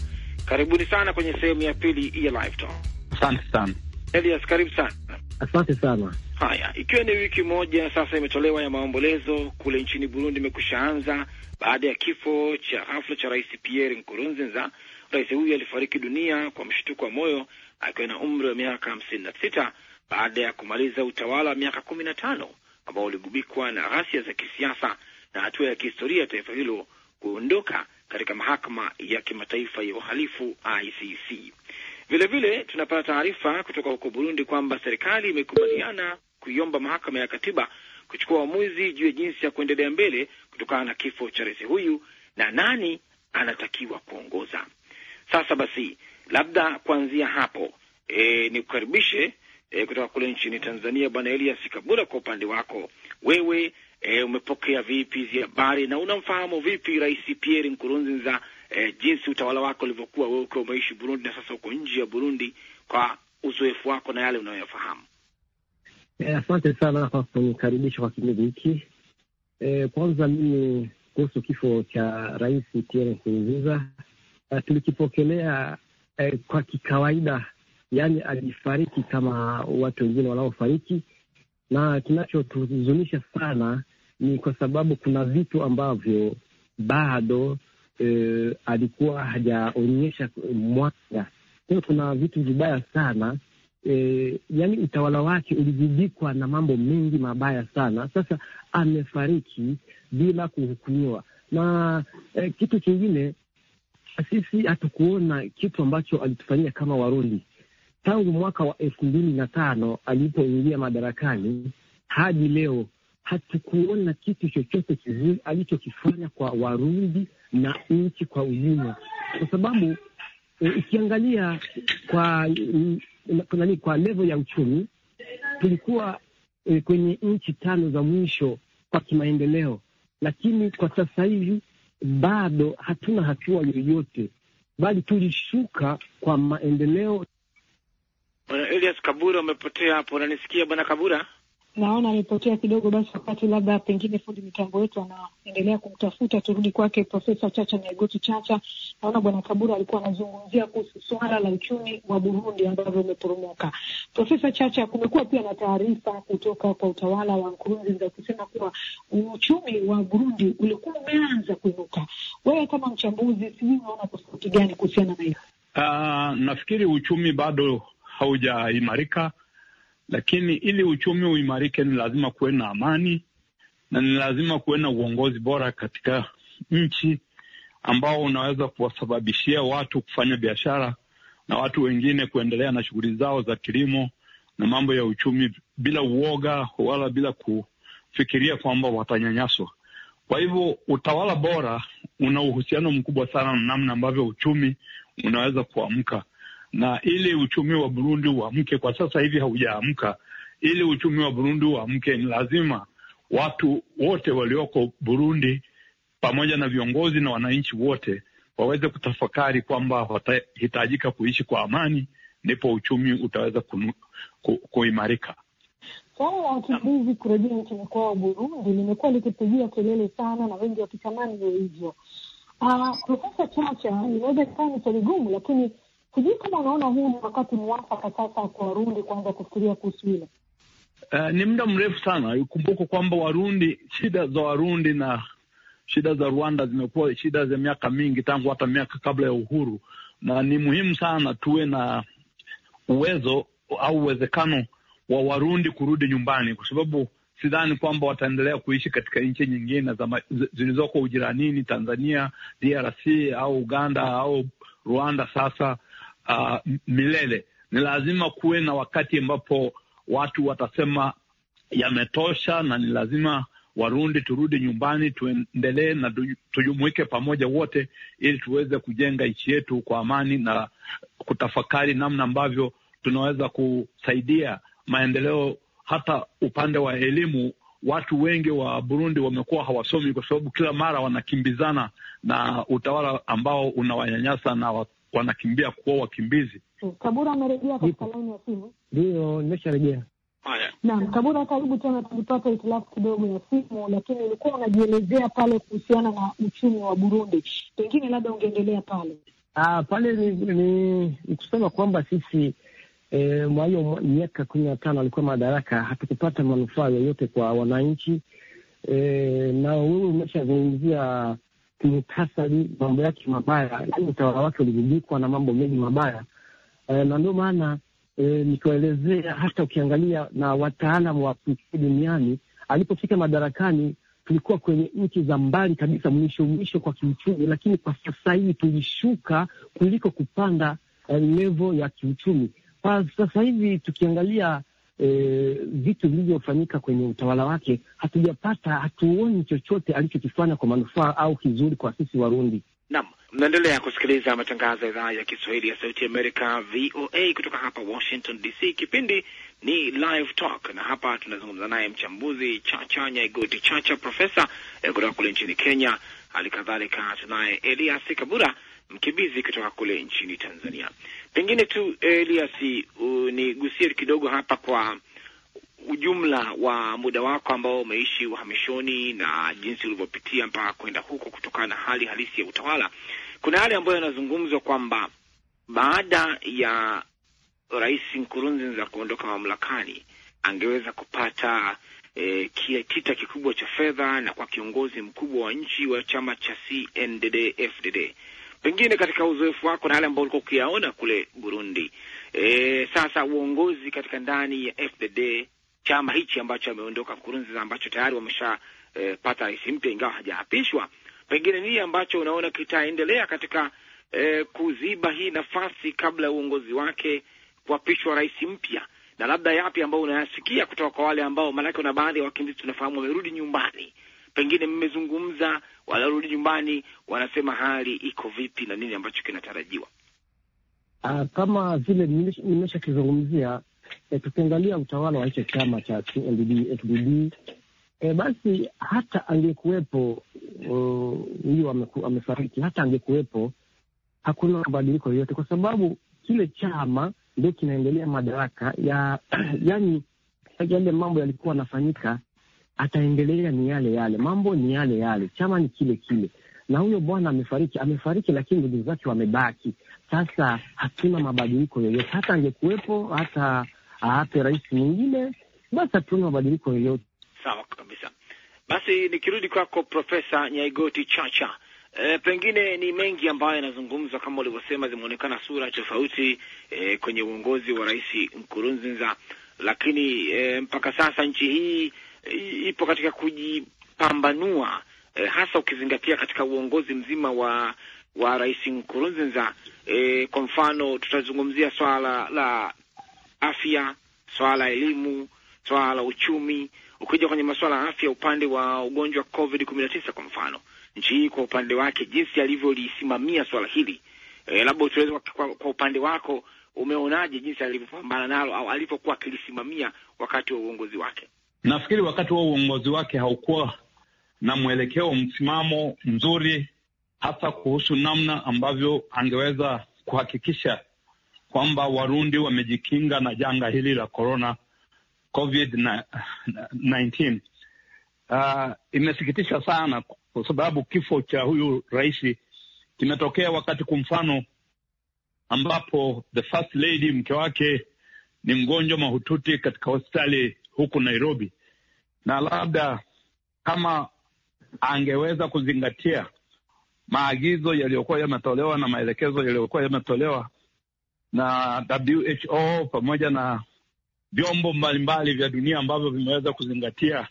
Karibuni sana kwenye sehemu ya pili ya Live Talk. Asante sana Elias, karibu sana. Asante sana. Haya, ikiwa ni wiki moja sasa imetolewa ya maombolezo kule nchini Burundi, imekusha anza baada ya kifo cha ghafla cha Rais Pierre Nkurunziza. Rais huyu alifariki dunia kwa mshtuko wa moyo akiwa na umri wa miaka hamsini na sita baada ya kumaliza utawala wa miaka kumi na tano ambao uligubikwa na ghasia za kisiasa na hatua ya kihistoria ya taifa hilo kuondoka katika mahakama ya kimataifa ya uhalifu ICC. Vilevile tunapata taarifa kutoka huko Burundi kwamba serikali imekubaliana kuiomba mahakama ya katiba kuchukua uamuzi juu ya jinsi ya kuendelea mbele kutokana na kifo cha rais huyu na nani anatakiwa kuongoza. Sasa basi, labda kuanzia hapo e, eh, kukaribishe e, kutoka kule nchini Tanzania, bwana Elias Kabura, kwa upande wako wewe e, umepokea vipi hizi habari na unamfahamu vipi Rais Pierre Nkurunziza e, jinsi utawala wako ulivyokuwa wewe ukiwa umeishi Burundi na sasa uko nje ya Burundi kwa uzoefu wako na yale unayoyafahamu? Asante sana kwa kunikaribisha kwa kipindi hiki E, kwanza mimi kuhusu kifo cha Rais Pierre Nkurunziza tulikipokelea e, kwa kikawaida yani alifariki kama watu wengine wanaofariki, na kinachotuhuzunisha sana ni kwa sababu kuna vitu ambavyo bado e, alikuwa hajaonyesha mwanga. Hiyo kuna vitu vibaya sana e, yaani utawala wake uligubikwa na mambo mengi mabaya sana. Sasa amefariki bila kuhukumiwa na e, kitu kingine sisi hatukuona kitu ambacho alitufanyia kama Warundi tangu mwaka wa elfu mbili na tano alipoingia madarakani hadi leo hatukuona kitu chochote kizuri alichokifanya kwa Warundi na nchi kwa ujumla, kwa sababu e, eh, ikiangalia mm, kwa nani, kwa levo ya uchumi tulikuwa e, kwenye nchi tano za mwisho kwa kimaendeleo, lakini kwa sasa hivi bado hatuna hatua yoyote, bali tulishuka kwa maendeleo Bwana Elias Kabura, umepotea hapo, unanisikia bwana Kabura? Naona amepotea kidogo, basi wakati labda pengine fundi mitambo wetu anaendelea kumtafuta, turudi kwake Profesa Chacha Nyaigoti Chacha. Naona bwana Kabura alikuwa anazungumzia kuhusu suala la uchumi wa Burundi ambavyo umeporomoka. Profesa Chacha, kumekuwa pia na taarifa kutoka kwa utawala wa Nkurunziza kusema kuwa uchumi wa Burundi ulikuwa umeanza kuinuka. Wewe kama mchambuzi, sijui unaona tofauti gani kuhusiana na hiyo? Uh, ah, nafikiri uchumi bado haujaimarika, lakini ili uchumi uimarike ni lazima kuwe na amani na ni lazima kuwe na uongozi bora katika nchi ambao unaweza kuwasababishia watu kufanya biashara na watu wengine kuendelea na shughuli zao za kilimo na mambo ya uchumi bila uoga wala bila kufikiria kwamba watanyanyaswa. Kwa hivyo utawala bora una uhusiano mkubwa sana na namna ambavyo uchumi unaweza kuamka na ili uchumi wa Burundi uamke. Kwa sasa hivi haujaamka. Ili uchumi wa Burundi uamke, ni lazima watu wote walioko Burundi pamoja na viongozi na wananchi wote waweze kutafakari kwamba watahitajika kuishi kwa amani, ndipo uchumi utaweza kunu, ku, kuimarika. Swala la wakimbizi kurejea nchini kwao Burundi limekuwa likipigia kelele sana na wengi wakitamani hiyo hivyo. Ah, profesa Chacha, inaweza ikawa ni swali gumu, lakini Sijui kama unaona huu ni wakati mwafaka sasa kwa Warundi kuanza kufikiria kuhusu hilo. Uh, ni muda mrefu sana. Ikumbukwe kwamba Warundi, shida za Warundi na shida za Rwanda zimekuwa shida za miaka mingi, tangu hata miaka kabla ya uhuru, na ni muhimu sana tuwe na uwezo au uwezekano wa Warundi kurudi nyumbani, kwa sababu sidhani kwamba wataendelea kuishi katika nchi nyingine zilizoko ujiranini, Tanzania, DRC au Uganda au Rwanda. Sasa uh, milele. Ni lazima kuwe na wakati ambapo watu watasema yametosha, na ni lazima Warundi turudi nyumbani, tuendelee na tujumuike pamoja wote, ili tuweze kujenga nchi yetu kwa amani na kutafakari namna ambavyo tunaweza kusaidia maendeleo. Hata upande wa elimu, watu wengi wa Burundi wamekuwa hawasomi kwa sababu kila mara wanakimbizana na utawala ambao unawanyanyasa na wanakimbia kuwa wakimbizi. Eh, Kabura, amerejea katika laini ya simu. Ndio, nimesharejea. Naam, Kabura, karibu tena. Tulipata hitilafu kidogo ya simu, lakini ulikuwa unajielezea pale kuhusiana na uchumi wa Burundi, pengine labda ungeendelea pale. Ah, pale ni, ni, ni kusema kwamba sisi E, mwa hiyo miaka kumi na tano alikuwa madaraka, hatukupata manufaa yoyote kwa wananchi e, na wewe umeshazungumzia kimuhtasari mambo yake mabaya, yaani utawala wake uligubikwa na mambo mengi mabaya e, na ndio maana e, eh, nikiwaelezea hata ukiangalia na wataalam wa politiki duniani, alipofika madarakani tulikuwa kwenye nchi za mbali kabisa, mwisho mwisho kwa kiuchumi, lakini kwa sasa hivi tulishuka kuliko kupanda eh, level ya kiuchumi. Kwa sasa hivi tukiangalia E, vitu vilivyofanyika kwenye utawala wake, hatujapata hatuoni chochote alichokifanya kwa manufaa au kizuri kwa sisi Warundi. Naam, mnaendelea kusikiliza matangazo ya idhaa ya Kiswahili ya Sauti Amerika, VOA, kutoka hapa Washington DC. Kipindi ni Live Talk na hapa tunazungumza naye mchambuzi Chacha Nyaigoti Chacha, profesa eh, kutoka kule nchini Kenya. Hali kadhalika tunaye Elias Kabura Mkibizi kutoka kule nchini Tanzania. Pengine tu Elias, uh, nigusie kidogo hapa kwa ujumla wa muda wako ambao umeishi uhamishoni na jinsi ulivyopitia mpaka kwenda huko, kutokana na hali halisi ya utawala. Kuna yale ambayo yanazungumzwa kwamba baada ya Rais Nkurunziza kuondoka mamlakani angeweza kupata e, eh, kitita kikubwa cha fedha na kwa kiongozi mkubwa wa nchi wa chama cha CNDD-FDD pengine katika uzoefu wako na yale ambayo ulikuwa ukiyaona kule Burundi, e, sasa uongozi katika ndani ya FDD chama hichi ambacho ameondoka Kurunziza ambacho tayari wameshapata e, rais mpya ingawa hajaapishwa, pengine nini ambacho unaona kitaendelea katika e, kuziba hii nafasi kabla ya uongozi wake kuapishwa rais mpya, na labda yapi ambayo unayasikia kutoka kwa wale ambao, maanake una baadhi ya wakimbizi tunafahamu wamerudi nyumbani pengine mmezungumza, wanarudi nyumbani, wanasema hali iko vipi na nini ambacho kinatarajiwa? Uh, kama vile nimeshakizungumzia, eh, tukiangalia utawala wa hicho chama cha CNDD-FDD E, eh, basi hata angekuwepo huyo uh, amefariki, hata angekuwepo hakuna mabadiliko yoyote, kwa sababu kile chama ndio kinaendelea madaraka ya, yani yale mambo yalikuwa anafanyika ataendelea ni yale yale, mambo ni yale yale, chama ni kile kile, na huyo bwana amefariki, amefariki, lakini ndugu zake wamebaki. Sasa hakuna mabadiliko yoyote, hata angekuwepo, hata aape rais mwingine, basi hatuna mabadiliko yoyote. Sawa kabisa. Basi nikirudi kwako Profesa Nyaigoti Chacha, e, pengine ni mengi ambayo yanazungumzwa kama ulivyosema, zimeonekana sura tofauti e, kwenye uongozi wa Rais Nkurunziza, lakini e, mpaka sasa nchi hii ipo katika kujipambanua e, hasa ukizingatia katika uongozi mzima wa wa Rais Nkurunziza. E, kwa mfano tutazungumzia swala la afya, swala la elimu, swala la uchumi. Ukija kwenye masuala ya afya, upande wa ugonjwa Covid kumi na tisa kwa mfano, nchi hii kwa upande wake jinsi alivyolisimamia swala hili e, labda tuweze kwa, kwa upande wako umeonaje jinsi alivyopambana nalo au alivyokuwa akilisimamia wakati wa uongozi wake? Nafikiri wakati wa uongozi wake haukuwa na mwelekeo, msimamo mzuri, hasa kuhusu namna ambavyo angeweza kuhakikisha kwamba Warundi wamejikinga na janga hili la corona covid 19. Uh, ah, imesikitisha sana kwa sababu kifo cha huyu rais kimetokea wakati kwa mfano ambapo the first lady mke wake ni mgonjwa mahututi katika hospitali huku Nairobi, na labda kama angeweza kuzingatia maagizo yaliyokuwa yametolewa na maelekezo yaliyokuwa yametolewa na WHO pamoja na vyombo mbalimbali vya dunia ambavyo vimeweza kuzingatia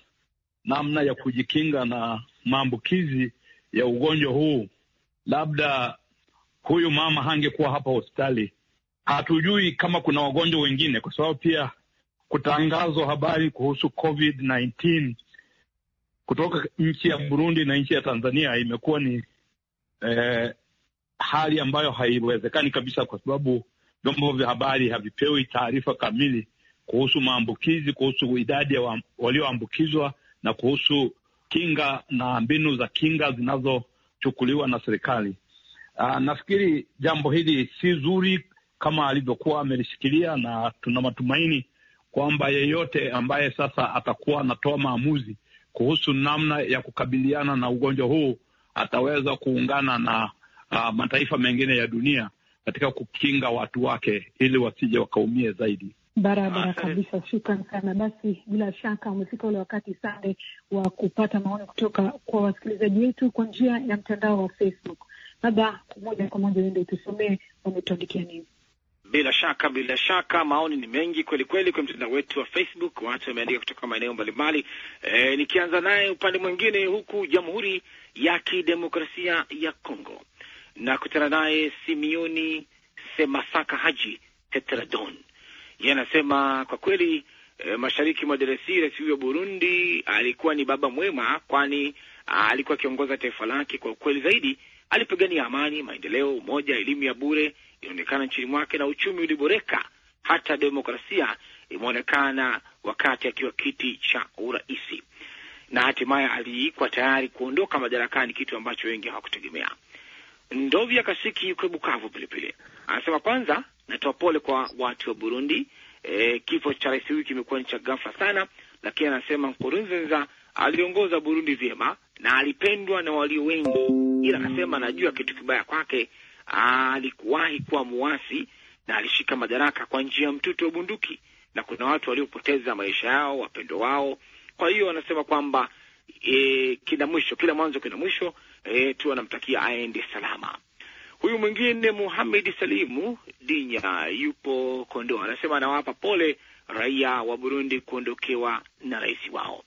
namna ya kujikinga na maambukizi ya ugonjwa huu, labda huyu mama hangekuwa hapa hospitali. Hatujui kama kuna wagonjwa wengine, kwa sababu pia kutangazwa habari kuhusu COVID-19 kutoka nchi ya Burundi na nchi ya Tanzania imekuwa ni eh, hali ambayo haiwezekani kabisa, kwa sababu vyombo vya habari havipewi taarifa kamili kuhusu maambukizi, kuhusu idadi ya wa, walioambukizwa na kuhusu kinga na mbinu za kinga zinazochukuliwa na serikali. Uh, nafikiri jambo hili si zuri kama alivyokuwa amelishikilia, na tuna matumaini kwamba yeyote ambaye sasa atakuwa anatoa maamuzi kuhusu namna ya kukabiliana na ugonjwa huu ataweza kuungana na uh, mataifa mengine ya dunia katika kukinga watu wake ili wasije wakaumie zaidi. Barabara kabisa, shukran sana. Basi bila shaka umefika ule wakati Sande wa kupata maoni kutoka kwa wasikilizaji wetu kwa njia ya mtandao wa Facebook. Labda moja kwa moja uende tusomee wametuandikia nini. Bila shaka bila shaka, maoni ni mengi kweli kweli kwenye mtandao wetu wa Facebook, watu wameandika kutoka maeneo mbalimbali. E, nikianza naye upande mwingine huku Jamhuri ya Kidemokrasia ya Kongo na kutana naye Simioni Semasaka Haji Tetradon, yeye anasema kwa kweli e, mashariki mwa DRC rais huyo Burundi alikuwa ni baba mwema, kwani alikuwa akiongoza taifa lake kwa ukweli zaidi, alipigania amani, maendeleo, umoja, elimu ya bure inaonekana nchini mwake na uchumi uliboreka, hata demokrasia imeonekana wakati akiwa kiti cha uraisi, na hatimaye aliikwa tayari kuondoka madarakani, kitu ambacho wengi hawakutegemea. Ndovya Kasiki yuko Bukavu Pilipili anasema, kwanza natoa pole kwa watu wa Burundi. E, kifo cha rais huyu kimekuwa ni cha ghafla sana, lakini anasema Nkurunziza aliongoza Burundi vyema na alipendwa na walio wengi, ila anasema anajua kitu kibaya kwake alikuwahi kuwa muasi na alishika madaraka kwa njia ya mtuto wa bunduki, na kuna watu waliopoteza maisha yao, wapendo wao. Kwa hiyo wanasema kwamba e, kila mwisho kila mwanzo kina mwisho e, tu anamtakia aende salama. Huyu mwingine Muhamedi Salimu Dinya yupo Kondoa, anasema anawapa pole raia wa Burundi kuondokewa na rais wao.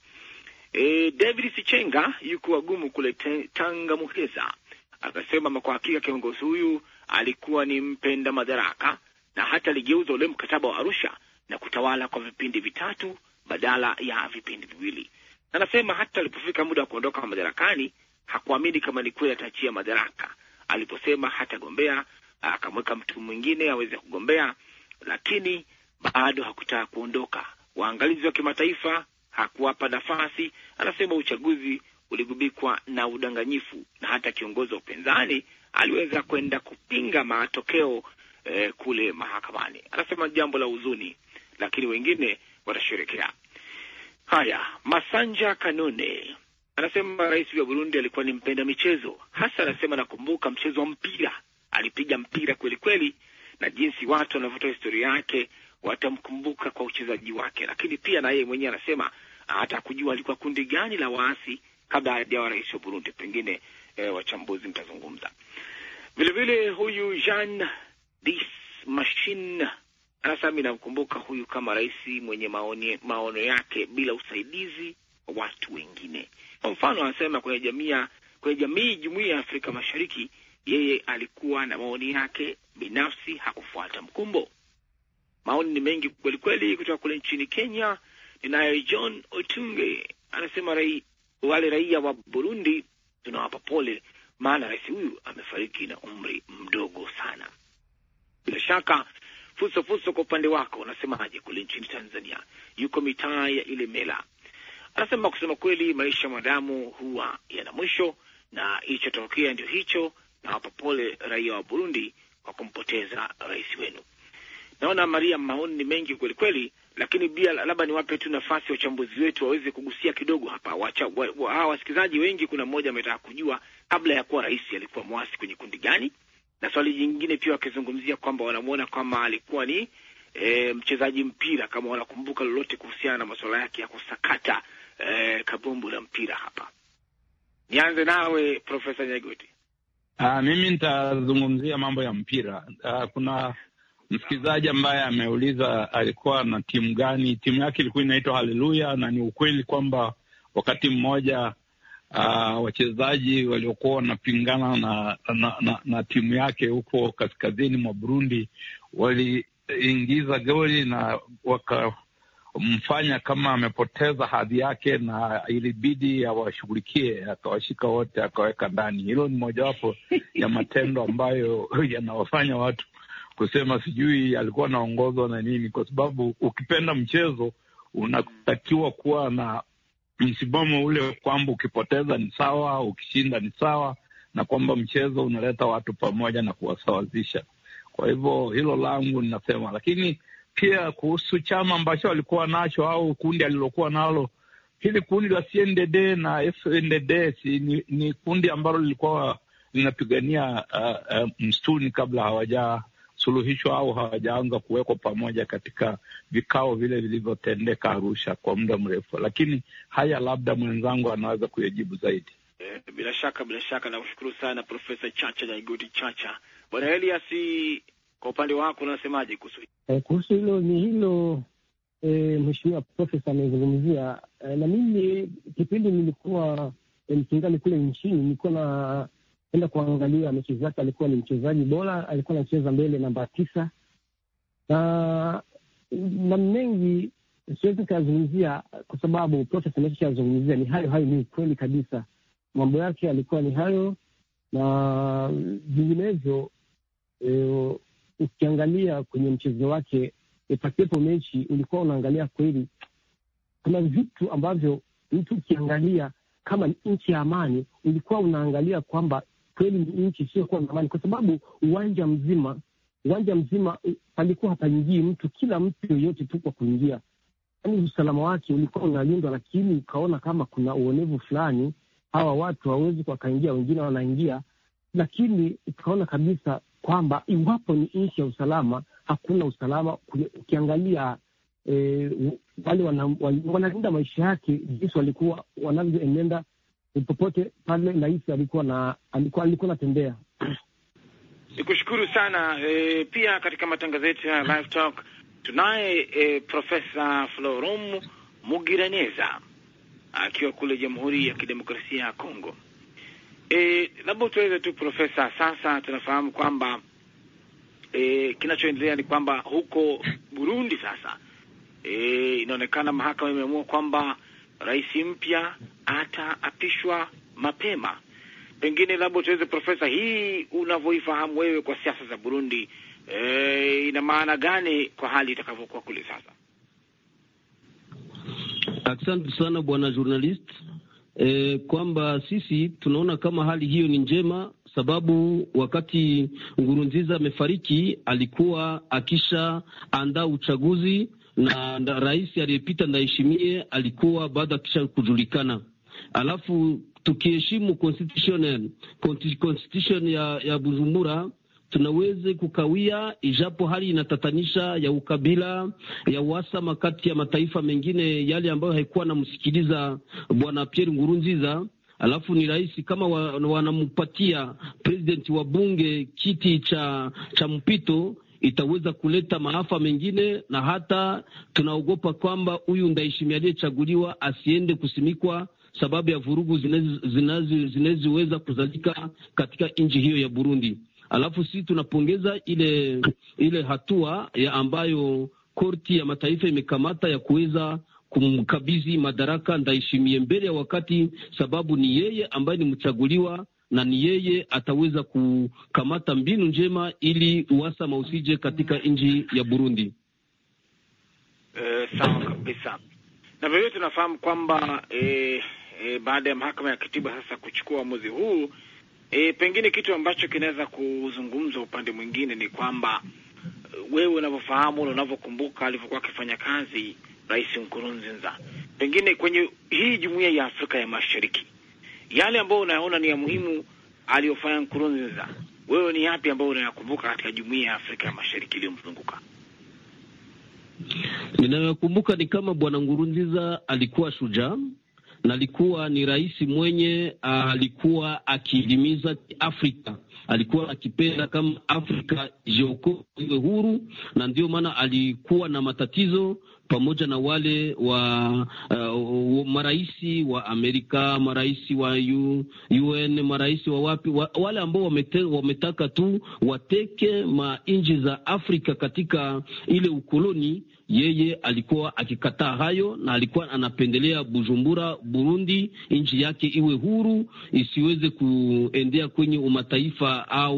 E, David Sichenga yuko wagumu kule Tanga Muheza, akasema kwa hakika kiongozi huyu alikuwa ni mpenda madaraka, na hata aligeuza ule mkataba wa Arusha na kutawala kwa vipindi vitatu badala ya vipindi viwili. Anasema hata alipofika muda wa kuondoka madarakani hakuamini kama ni kweli ataachia madaraka. Aliposema hatagombea, akamweka mtu mwingine aweze kugombea, lakini bado hakutaka kuondoka. Waangalizi wa kimataifa hakuwapa nafasi. Anasema uchaguzi uligubikwa na udanganyifu, na hata kiongozi wa upinzani aliweza kwenda kupinga matokeo eh, kule mahakamani. Anasema jambo la huzuni, lakini wengine watasherekea haya. Masanja Kanone anasema rais wa Burundi alikuwa ni mpenda michezo hasa. Anasema nakumbuka mchezo wa mpira, alipiga mpira kweli kweli, na jinsi watu wanavyotoa historia yake watamkumbuka kwa uchezaji wake, lakini pia na yeye mwenyewe anasema hata kujua alikuwa kundi gani la waasi kabla hajawa rais wa Burundi. Pengine e, wachambuzi mtazungumza vilevile. Huyu Jean Dismachin mi namkumbuka huyu kama rais mwenye maoni, maono yake bila usaidizi wa watu wengine. Kwa mfano, anasema kwenye jamii kwenye jamii jumuiya ya Afrika Mashariki, yeye alikuwa na maoni yake binafsi, hakufuata mkumbo. Maoni ni mengi kwelikweli kutoka kule nchini Kenya. Ninayo John Otunge anasema rais wale raia wa Burundi tunawapa pole, maana rais huyu amefariki na umri mdogo sana. Bila shaka Fuso Fuso, kwa upande wako unasemaje? Kule nchini Tanzania yuko mitaa ya Ilemela, anasema kusema kweli, maisha ya mwanadamu huwa yana mwisho, na ilichotokea ndio hicho. Nawapa pole raia wa Burundi kwa kumpoteza rais wenu. Naona Maria, maoni ni mengi kweli kweli, lakini pia labda niwape tu nafasi wachambuzi wetu waweze kugusia kidogo hapa. Hawa wasikilizaji wengi, kuna mmoja ametaka kujua kabla ya kuwa rais alikuwa mwasi kwenye kundi gani, na swali jingine pia wakizungumzia kwamba wanamuona kama alikuwa ni e, mchezaji mpira, kama wanakumbuka lolote kuhusiana na masuala yake ya kusakata e, kabumbu la mpira. Hapa nianze nawe Profesa Nyagoti. Uh, mimi nitazungumzia mambo ya mpira. Uh, kuna msikilizaji ambaye ameuliza alikuwa na timu gani, timu yake ilikuwa inaitwa Haleluya, na ni ukweli kwamba wakati mmoja uh, wachezaji waliokuwa wanapingana na, na, na, na timu yake huko kaskazini mwa Burundi waliingiza goli na wakamfanya kama amepoteza hadhi yake, na ilibidi awashughulikie, akawashika wote, akaweka ndani. Hilo ni mojawapo ya matendo ambayo yanawafanya watu kusema sijui alikuwa anaongozwa na nini, kwa sababu ukipenda mchezo unatakiwa kuwa na msimamo ule kwamba ukipoteza ni sawa, ukishinda ni sawa, na kwamba mchezo unaleta watu pamoja na kuwasawazisha. Kwa hivyo hilo langu ninasema, lakini pia kuhusu chama ambacho alikuwa nacho au kundi alilokuwa nalo, hili kundi la CNDD na FNDD si, ni, ni kundi ambalo lilikuwa linapigania uh, uh, msituni kabla hawajaa suluhisho au hawajaanza kuwekwa pamoja katika vikao vile vilivyotendeka Arusha kwa muda mrefu, lakini haya labda mwenzangu anaweza kuyajibu zaidi. Eh, bila shaka, bila shaka, nakushukuru sana Profesa Chacha Nyaigoti Chacha. Bwana Elias, kwa upande wako unasemaje kuhusu eh, kuhusu hilo? Ni hilo e, mheshimiwa profesa amezungumzia e, na mimi kipindi nilikuwa e, mkingali kule nchini nilikuwa na enda kuangalia mechi zake, alikuwa ni mchezaji bora, alikuwa anacheza mbele namba tisa na na mengi siwezi nikayazungumzia kwa sababu process ameshazungumzia ni hayo hayo, ni ukweli kabisa, mambo yake alikuwa ni hayo na vinginevyo. E, ukiangalia kwenye mchezo wake pakiwepo mechi, ulikuwa unaangalia kweli, kuna vitu ambavyo mtu ukiangalia kama nchi ya amani, ulikuwa unaangalia kwamba kweli nchi isiyokuwa na amani, kwa sababu uwanja mzima uwanja mzima eh, palikuwa hapaingii mtu, kila mtu yoyote tu kwa kuingia, yaani usalama wake ulikuwa unalindwa, lakini ukaona kama kuna uonevu fulani, hawa watu hawawezi wakaingia, wengine wanaingia, lakini ukaona kabisa kwamba iwapo ni nchi ya usalama, hakuna usalama. Ukiangalia e, wale wanalinda maisha yake, jinsi walikuwa wanavyoenenda Eh, popote pale rais alikuwa na alikuwa anatembea. Nikushukuru sana e. Pia katika matangazo yetu ya Live Talk tunaye e, Profesa Florum Mugiraneza akiwa kule Jamhuri ya Kidemokrasia ya Kongo. E, labda utueleze tu Profesa, sasa tunafahamu kwamba e, kinachoendelea ni kwamba huko Burundi sasa e, inaonekana mahakama imeamua kwamba rais mpya ataapishwa mapema. Pengine labda tuweze, Profesa, hii unavyoifahamu wewe kwa siasa za Burundi, e, ina maana gani kwa hali itakavyokuwa kule sasa? Asante sana bwana journalist. E, kwamba sisi tunaona kama hali hiyo ni njema, sababu wakati Ngurunziza amefariki alikuwa akisha andaa uchaguzi na, na rais aliyepita Ndayishimiye alikuwa bado akisha kujulikana, alafu tukiheshimu constitution constitution ya, ya Bujumbura tunaweze kukawia, ijapo hali inatatanisha ya ukabila ya uhasama kati ya mataifa mengine yale ambayo haikuwa namsikiliza bwana Pierre Ngurunziza. Alafu ni rais kama wanampatia president wa bunge kiti cha cha mpito itaweza kuleta maafa mengine, na hata tunaogopa kwamba huyu Ndayishimiye aliyechaguliwa asiende kusimikwa sababu ya vurugu zinazoweza kuzalika katika nchi hiyo ya Burundi. Alafu sisi tunapongeza ile ile hatua ya ambayo korti ya mataifa imekamata ya kuweza kumkabidhi madaraka Ndayishimiye mbele ya wakati, sababu ni yeye ambaye ni mchaguliwa na ni yeye ataweza kukamata mbinu njema ili uhasama usije katika nchi ya Burundi. Uh, sawa kabisa. Na vile tunafahamu kwamba eh, eh, baada ya mahakama ya katiba sasa kuchukua uamuzi huu eh, pengine kitu ambacho kinaweza kuzungumzwa upande mwingine ni kwamba eh, wewe unavyofahamu na unavyokumbuka alivyokuwa akifanya kazi Rais Nkurunziza, pengine kwenye hii jumuiya ya Afrika ya Mashariki yale ambayo unayaona ni ya muhimu aliyofanya Nkurunziza, wewe ni yapi ambayo unayakumbuka katika jumuiya ya Afrika ya Mashariki iliyomzunguka? Ninayokumbuka ni kama bwana Ngurunziza alikuwa shujaa na alikuwa ni rais mwenye ah, alikuwa akihimiza Afrika alikuwa akipenda kama Afrika jioko iwe huru, na ndio maana alikuwa na matatizo pamoja na wale wa uh, maraisi wa Amerika, maraisi wa UN, maraisi wa wapi wa, wale ambao wamete, wametaka tu wateke ma nchi za Afrika katika ile ukoloni yeye alikuwa akikataa hayo na alikuwa anapendelea Bujumbura, Burundi, nchi yake iwe huru, isiweze kuendea kwenye umataifa au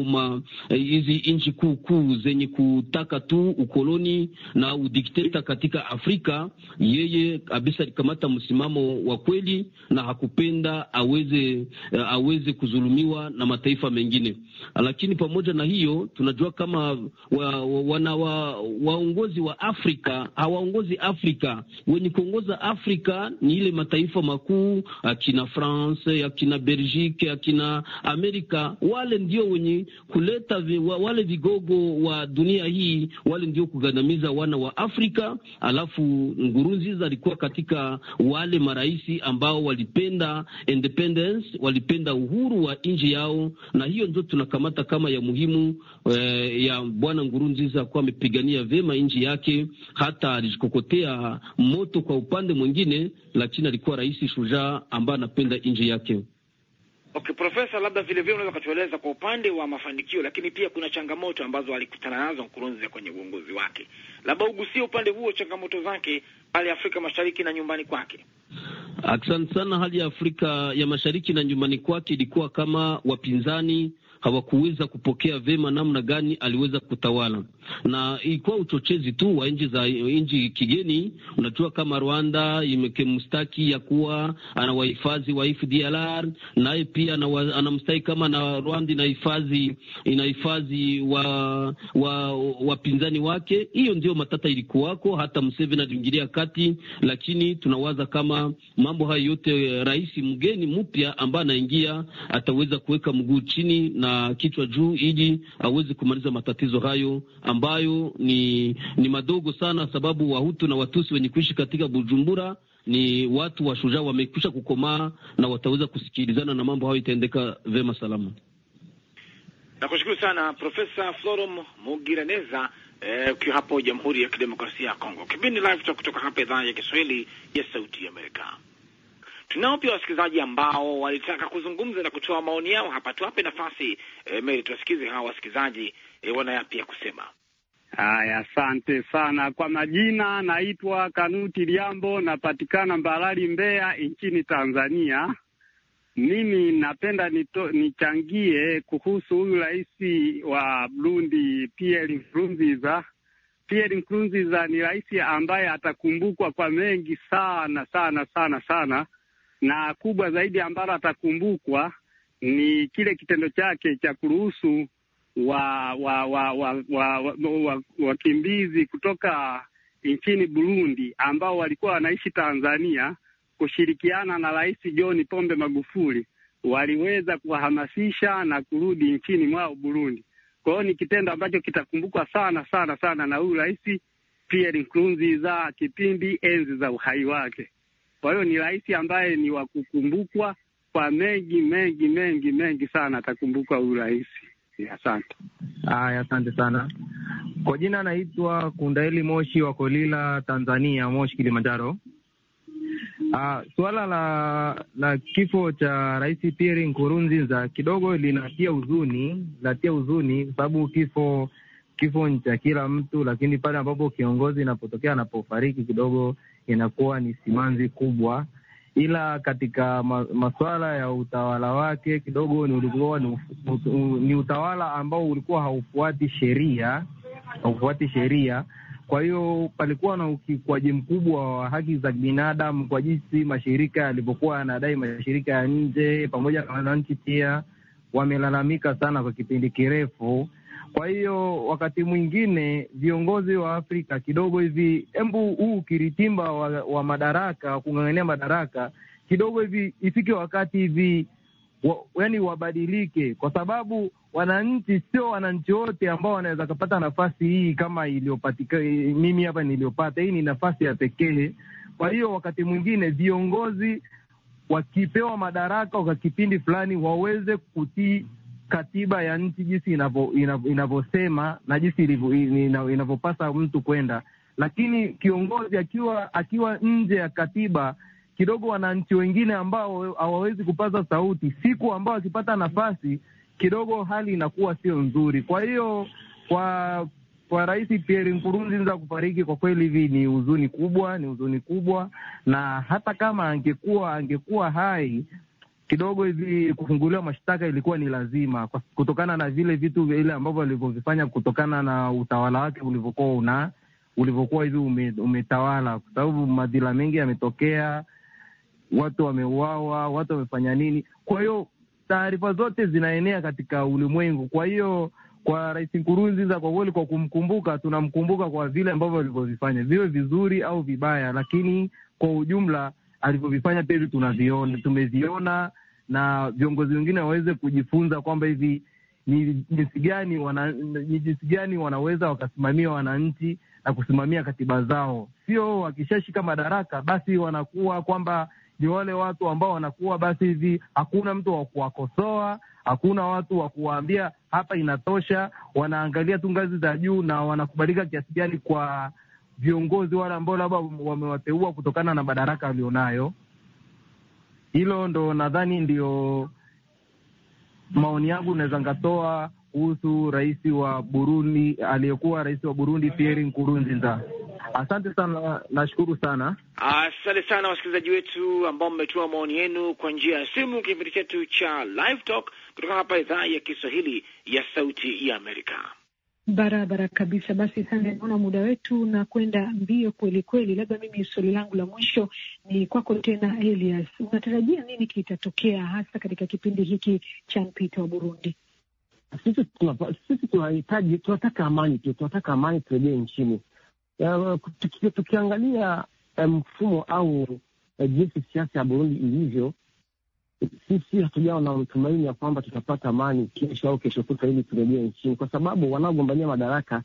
hizi ma, nchi kuu kuu zenye kutaka tu ukoloni na udikteta katika Afrika. Yeye kabisa alikamata msimamo wa kweli na hakupenda aweze aweze kuzulumiwa na mataifa mengine. Lakini pamoja na hiyo tunajua kama wa, wa, wana, wa, waongozi wa Afrika hawaongozi Afrika. Wenye kuongoza Afrika ni ile mataifa makuu akina France, akina Belgique, akina Amerika. Wale ndio wenye kuleta vi, wale vigogo wa dunia hii, wale ndio kugandamiza wana wa Afrika. Alafu Ngurunziza alikuwa katika wale maraisi ambao walipenda independence, walipenda uhuru wa nchi yao, na hiyo ndio tunakamata kama ya muhimu eh, ya bwana Ngurunziza kuwa amepigania vyema nchi yake, hata alikokotea moto kwa upande mwingine, lakini alikuwa rais shujaa ambaye anapenda nchi yake. Okay, Profesa, labda vile vile unaweza kutueleza kwa upande wa mafanikio, lakini pia kuna changamoto ambazo alikutana nazo Nkurunziza kwenye uongozi wake, labda ugusie upande huo, changamoto zake pale Afrika Mashariki na nyumbani kwake. Asante sana. Hali ya Afrika ya Mashariki na nyumbani kwake ilikuwa kama wapinzani hawakuweza kupokea vema namna gani aliweza kutawala, na ilikuwa uchochezi tu wa nchi za nchi kigeni. Unajua kama Rwanda imekemstaki ya kuwa ana wahifadhi wa FDLR, naye pia anamstaki kama na Rwanda inahifadhi inahifadhi wa wapinzani wa wake. Hiyo ndio matata ilikuwako, hata Museveni aliingilia kati, lakini tunawaza kama mambo hayo yote eh, rais mgeni mpya ambaye anaingia ataweza kuweka mguu chini na kichwa juu ili aweze kumaliza matatizo hayo ambayo ni, ni madogo sana, sababu Wahutu na Watusi wenye kuishi katika Bujumbura ni watu washujaa, wamekwisha kukomaa na wataweza kusikilizana na mambo hayo itaendeka vema salama. kushukuru sana Profesa Florom Mugiraneza eh, ukiwa eh, hapo Jamhuri ya Kidemokrasia ya Kongo. Kipindi Live Talk kutoka hapa idhaa ya Kiswahili ya Sauti ya Amerika. Tunao pia wasikilizaji ambao walitaka kuzungumza na kutoa maoni yao hapa. Tuwape nafasi e, Mary, tuwasikize hawa wasikilizaji e, ya kusema. Haya, asante sana kwa majina. Naitwa Kanuti Liambo, napatikana Mbarali, Mbeya, nchini Tanzania. Mimi napenda nito, nichangie kuhusu huyu rais wa Burundi Pierre Nkurunziza. Pierre Nkurunziza ni rais ambaye atakumbukwa kwa mengi sana sana sana sana na kubwa zaidi ambalo atakumbukwa ni kile kitendo chake cha kuruhusu wa wa wa wa wakimbizi wa, wa kutoka nchini Burundi ambao walikuwa wanaishi Tanzania kushirikiana na Rais John Pombe Magufuli waliweza kuwahamasisha na kurudi nchini mwao Burundi. Kwa hiyo ni kitendo ambacho kitakumbukwa sana sana sana na huyu Rais Pierre Nkurunziza kipindi enzi za uhai wake. Kwa hiyo ni rais ambaye ni wa kukumbukwa kwa mengi mengi mengi mengi sana, atakumbukwa huyu rais. Asante. Haya, asante sana. Kwa jina anaitwa Kundaeli Moshi wa Kolila, Tanzania, Moshi, Kilimanjaro. Uh, ah, suala la la kifo cha Rais Pierre Nkurunziza kidogo linatia huzuni, linatia huzuni kwa sababu kifo kifo ni cha kila mtu, lakini pale ambapo kiongozi inapotokea anapofariki kidogo inakuwa ni simanzi kubwa, ila katika masuala ya utawala wake kidogo ni ulikuwa ni, ni utawala ambao ulikuwa haufuati sheria, haufuati sheria. Kwa hiyo palikuwa na ukiukwaji mkubwa wa haki za binadamu kwa jinsi mashirika yalivyokuwa yanadai, mashirika ya nje pamoja na wananchi pia wamelalamika sana kwa kipindi kirefu kwa hiyo wakati mwingine viongozi wa Afrika kidogo hivi, embu huu kiritimba wa, wa madaraka kung'ang'ania madaraka kidogo hivi, ifike wakati hivi wa, yani wabadilike, kwa sababu wananchi, sio wananchi wote ambao wanaweza kupata nafasi hii kama iliyopatika mimi hapa niliyopata. Hii ni nafasi ya pekee. Kwa hiyo wakati mwingine viongozi wakipewa madaraka kwa kipindi fulani waweze kutii katiba ya nchi jinsi inavyosema na jinsi inavyopasa mtu kwenda, lakini kiongozi akiwa akiwa nje ya katiba kidogo, wananchi wengine ambao hawawezi kupaza sauti, siku ambao akipata nafasi kidogo, hali inakuwa sio nzuri. Kwa hiyo kwa kwa Rais Pierre Nkurunziza kufariki, kwa kweli hivi ni huzuni kubwa, ni huzuni kubwa, na hata kama angekuwa angekuwa hai kidogo hivi kufunguliwa mashtaka ilikuwa ni lazima kutokana na vile vitu vile ambavyo alivyovifanya, kutokana na utawala wake ulivyokuwa una ulivyokuwa hivi ume, umetawala, kwa sababu madhila mengi yametokea, watu wameuawa, watu wamefanya nini. Kwa hiyo taarifa zote zinaenea katika ulimwengu. Kwa hiyo kwa Rais Nkurunziza kwa kweli, kwa kumkumbuka, tunamkumbuka kwa vile ambavyo alivyovifanya, viwe vizuri au vibaya, lakini kwa ujumla alivyovifanya pia hivi tunaviona, tumeviona na viongozi wengine waweze kujifunza kwamba hivi ni jinsi gani wana, ni jinsi gani wanaweza wakasimamia wananchi na kusimamia katiba zao, sio wakishashika madaraka basi wanakuwa kwamba ni wale watu ambao wanakuwa basi hivi, hakuna mtu wa kuwakosoa, hakuna watu wa kuwaambia hapa inatosha. Wanaangalia tu ngazi za juu na wanakubalika kiasi gani kwa viongozi wale ambao labda wamewateua kutokana na madaraka walionayo. Hilo ndo nadhani ndio maoni yangu naweza ngatoa kuhusu rais wa Burundi, aliyekuwa rais wa Burundi Pierre Nkurunziza. Asante sana, nashukuru sana. Asante sana wasikilizaji wetu ambao mmetoa maoni yenu kwa njia ya simu, kipindi chetu cha Live Talk kutoka hapa idhaa ya Kiswahili ya Sauti ya Amerika. Barabara kabisa. Basi sana, naona muda wetu na kwenda mbio kweli kweli. Labda mimi swali langu la mwisho ni kwako tena, Elias, unatarajia nini kitatokea hasa katika kipindi hiki cha mpito wa Burundi? Sisi tunahitaji, tunataka amani tu, tunataka amani turejee nchini. tukiangalia eh, mfumo um, au uh, jinsi siasa ya Burundi ilivyo sisi hatujawa na mtumaini ya kwamba tutapata amani kesho au kesho kutwa ili turejee nchini, kwa sababu wanaogombania madaraka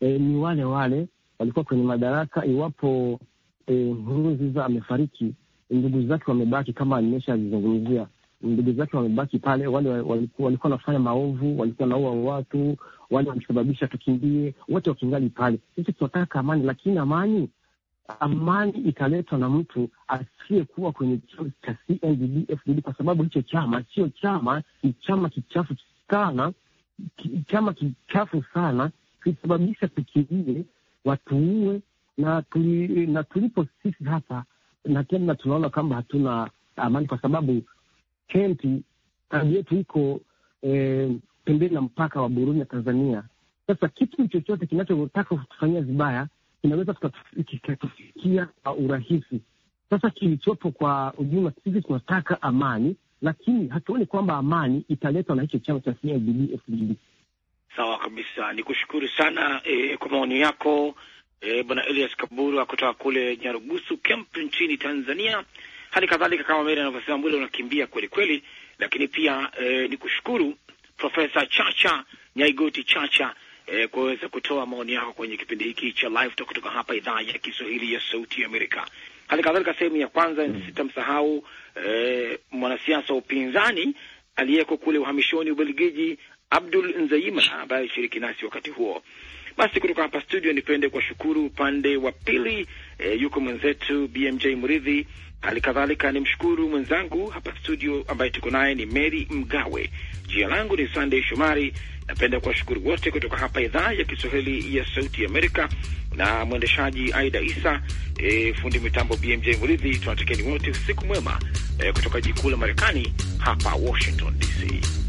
e, ni wale wale walikuwa kwenye madaraka. Iwapo e, Nkurunziza amefariki, ndugu zake wamebaki, kama nimeshazizungumzia, ndugu zake wamebaki pale. Wale walikuwa wanafanya maovu, walikuwa naua watu, wale wamesababisha tukimbie, wote wakingali pale. Sisi tunataka amani, lakini amani amani italetwa na mtu asiyekuwa kwenye chama cha CNDD FDD, kwa sababu hicho chama sio chama, ni chama kichafu sana, chama kichafu sana kilisababisha tukilie, watuue na tuli, na tulipo sisi hapa na tena tunaona kwamba hatuna amani, kwa sababu kenti kambi yetu iko eh, pembeni na mpaka wa Burundi na Tanzania. Sasa kitu chochote kinachotaka kutufanyia vibaya kinaweza kikatufikia kwa urahisi. Sasa kilichopo kwa ujumla, sisi tunataka amani, lakini hatuoni kwamba amani italetwa na hicho chama cha CNDD FDD. Sawa kabisa, ni kushukuru sana eh, kwa maoni yako eh, Bwana Elias Kaburu kutoka kule Nyarugusu Kemp nchini Tanzania. Hali kadhalika kama Meri anavyosema muda unakimbia kweli kweli, lakini pia eh, ni kushukuru Profesa Chacha Nyaigoti Chacha e, kuweza kutoa maoni yako kwenye kipindi hiki cha live talk kutoka hapa idhaa ya Kiswahili ya Sauti ya Amerika. Hali kadhalika sehemu ya kwanza mm, sitamsahau e, mwanasiasa wa upinzani aliyeko kule uhamishoni Ubelgiji, Abdul Nzaima ambaye alishiriki nasi wakati huo. Basi kutoka hapa studio, nipende kuwashukuru upande wa pili e, yuko mwenzetu BMJ Mridhi Hali kadhalika ni mshukuru mwenzangu hapa studio ambaye tuko naye ni Mary Mgawe. Jina langu ni Sunday Shomari. Napenda kuwashukuru wote kutoka hapa idhaa ya Kiswahili ya Sauti Amerika na mwendeshaji Aida Isa, e, fundi mitambo BMJ Muridhi. Tunatekeni wote usiku mwema, e, kutoka jikuu la Marekani hapa Washington DC.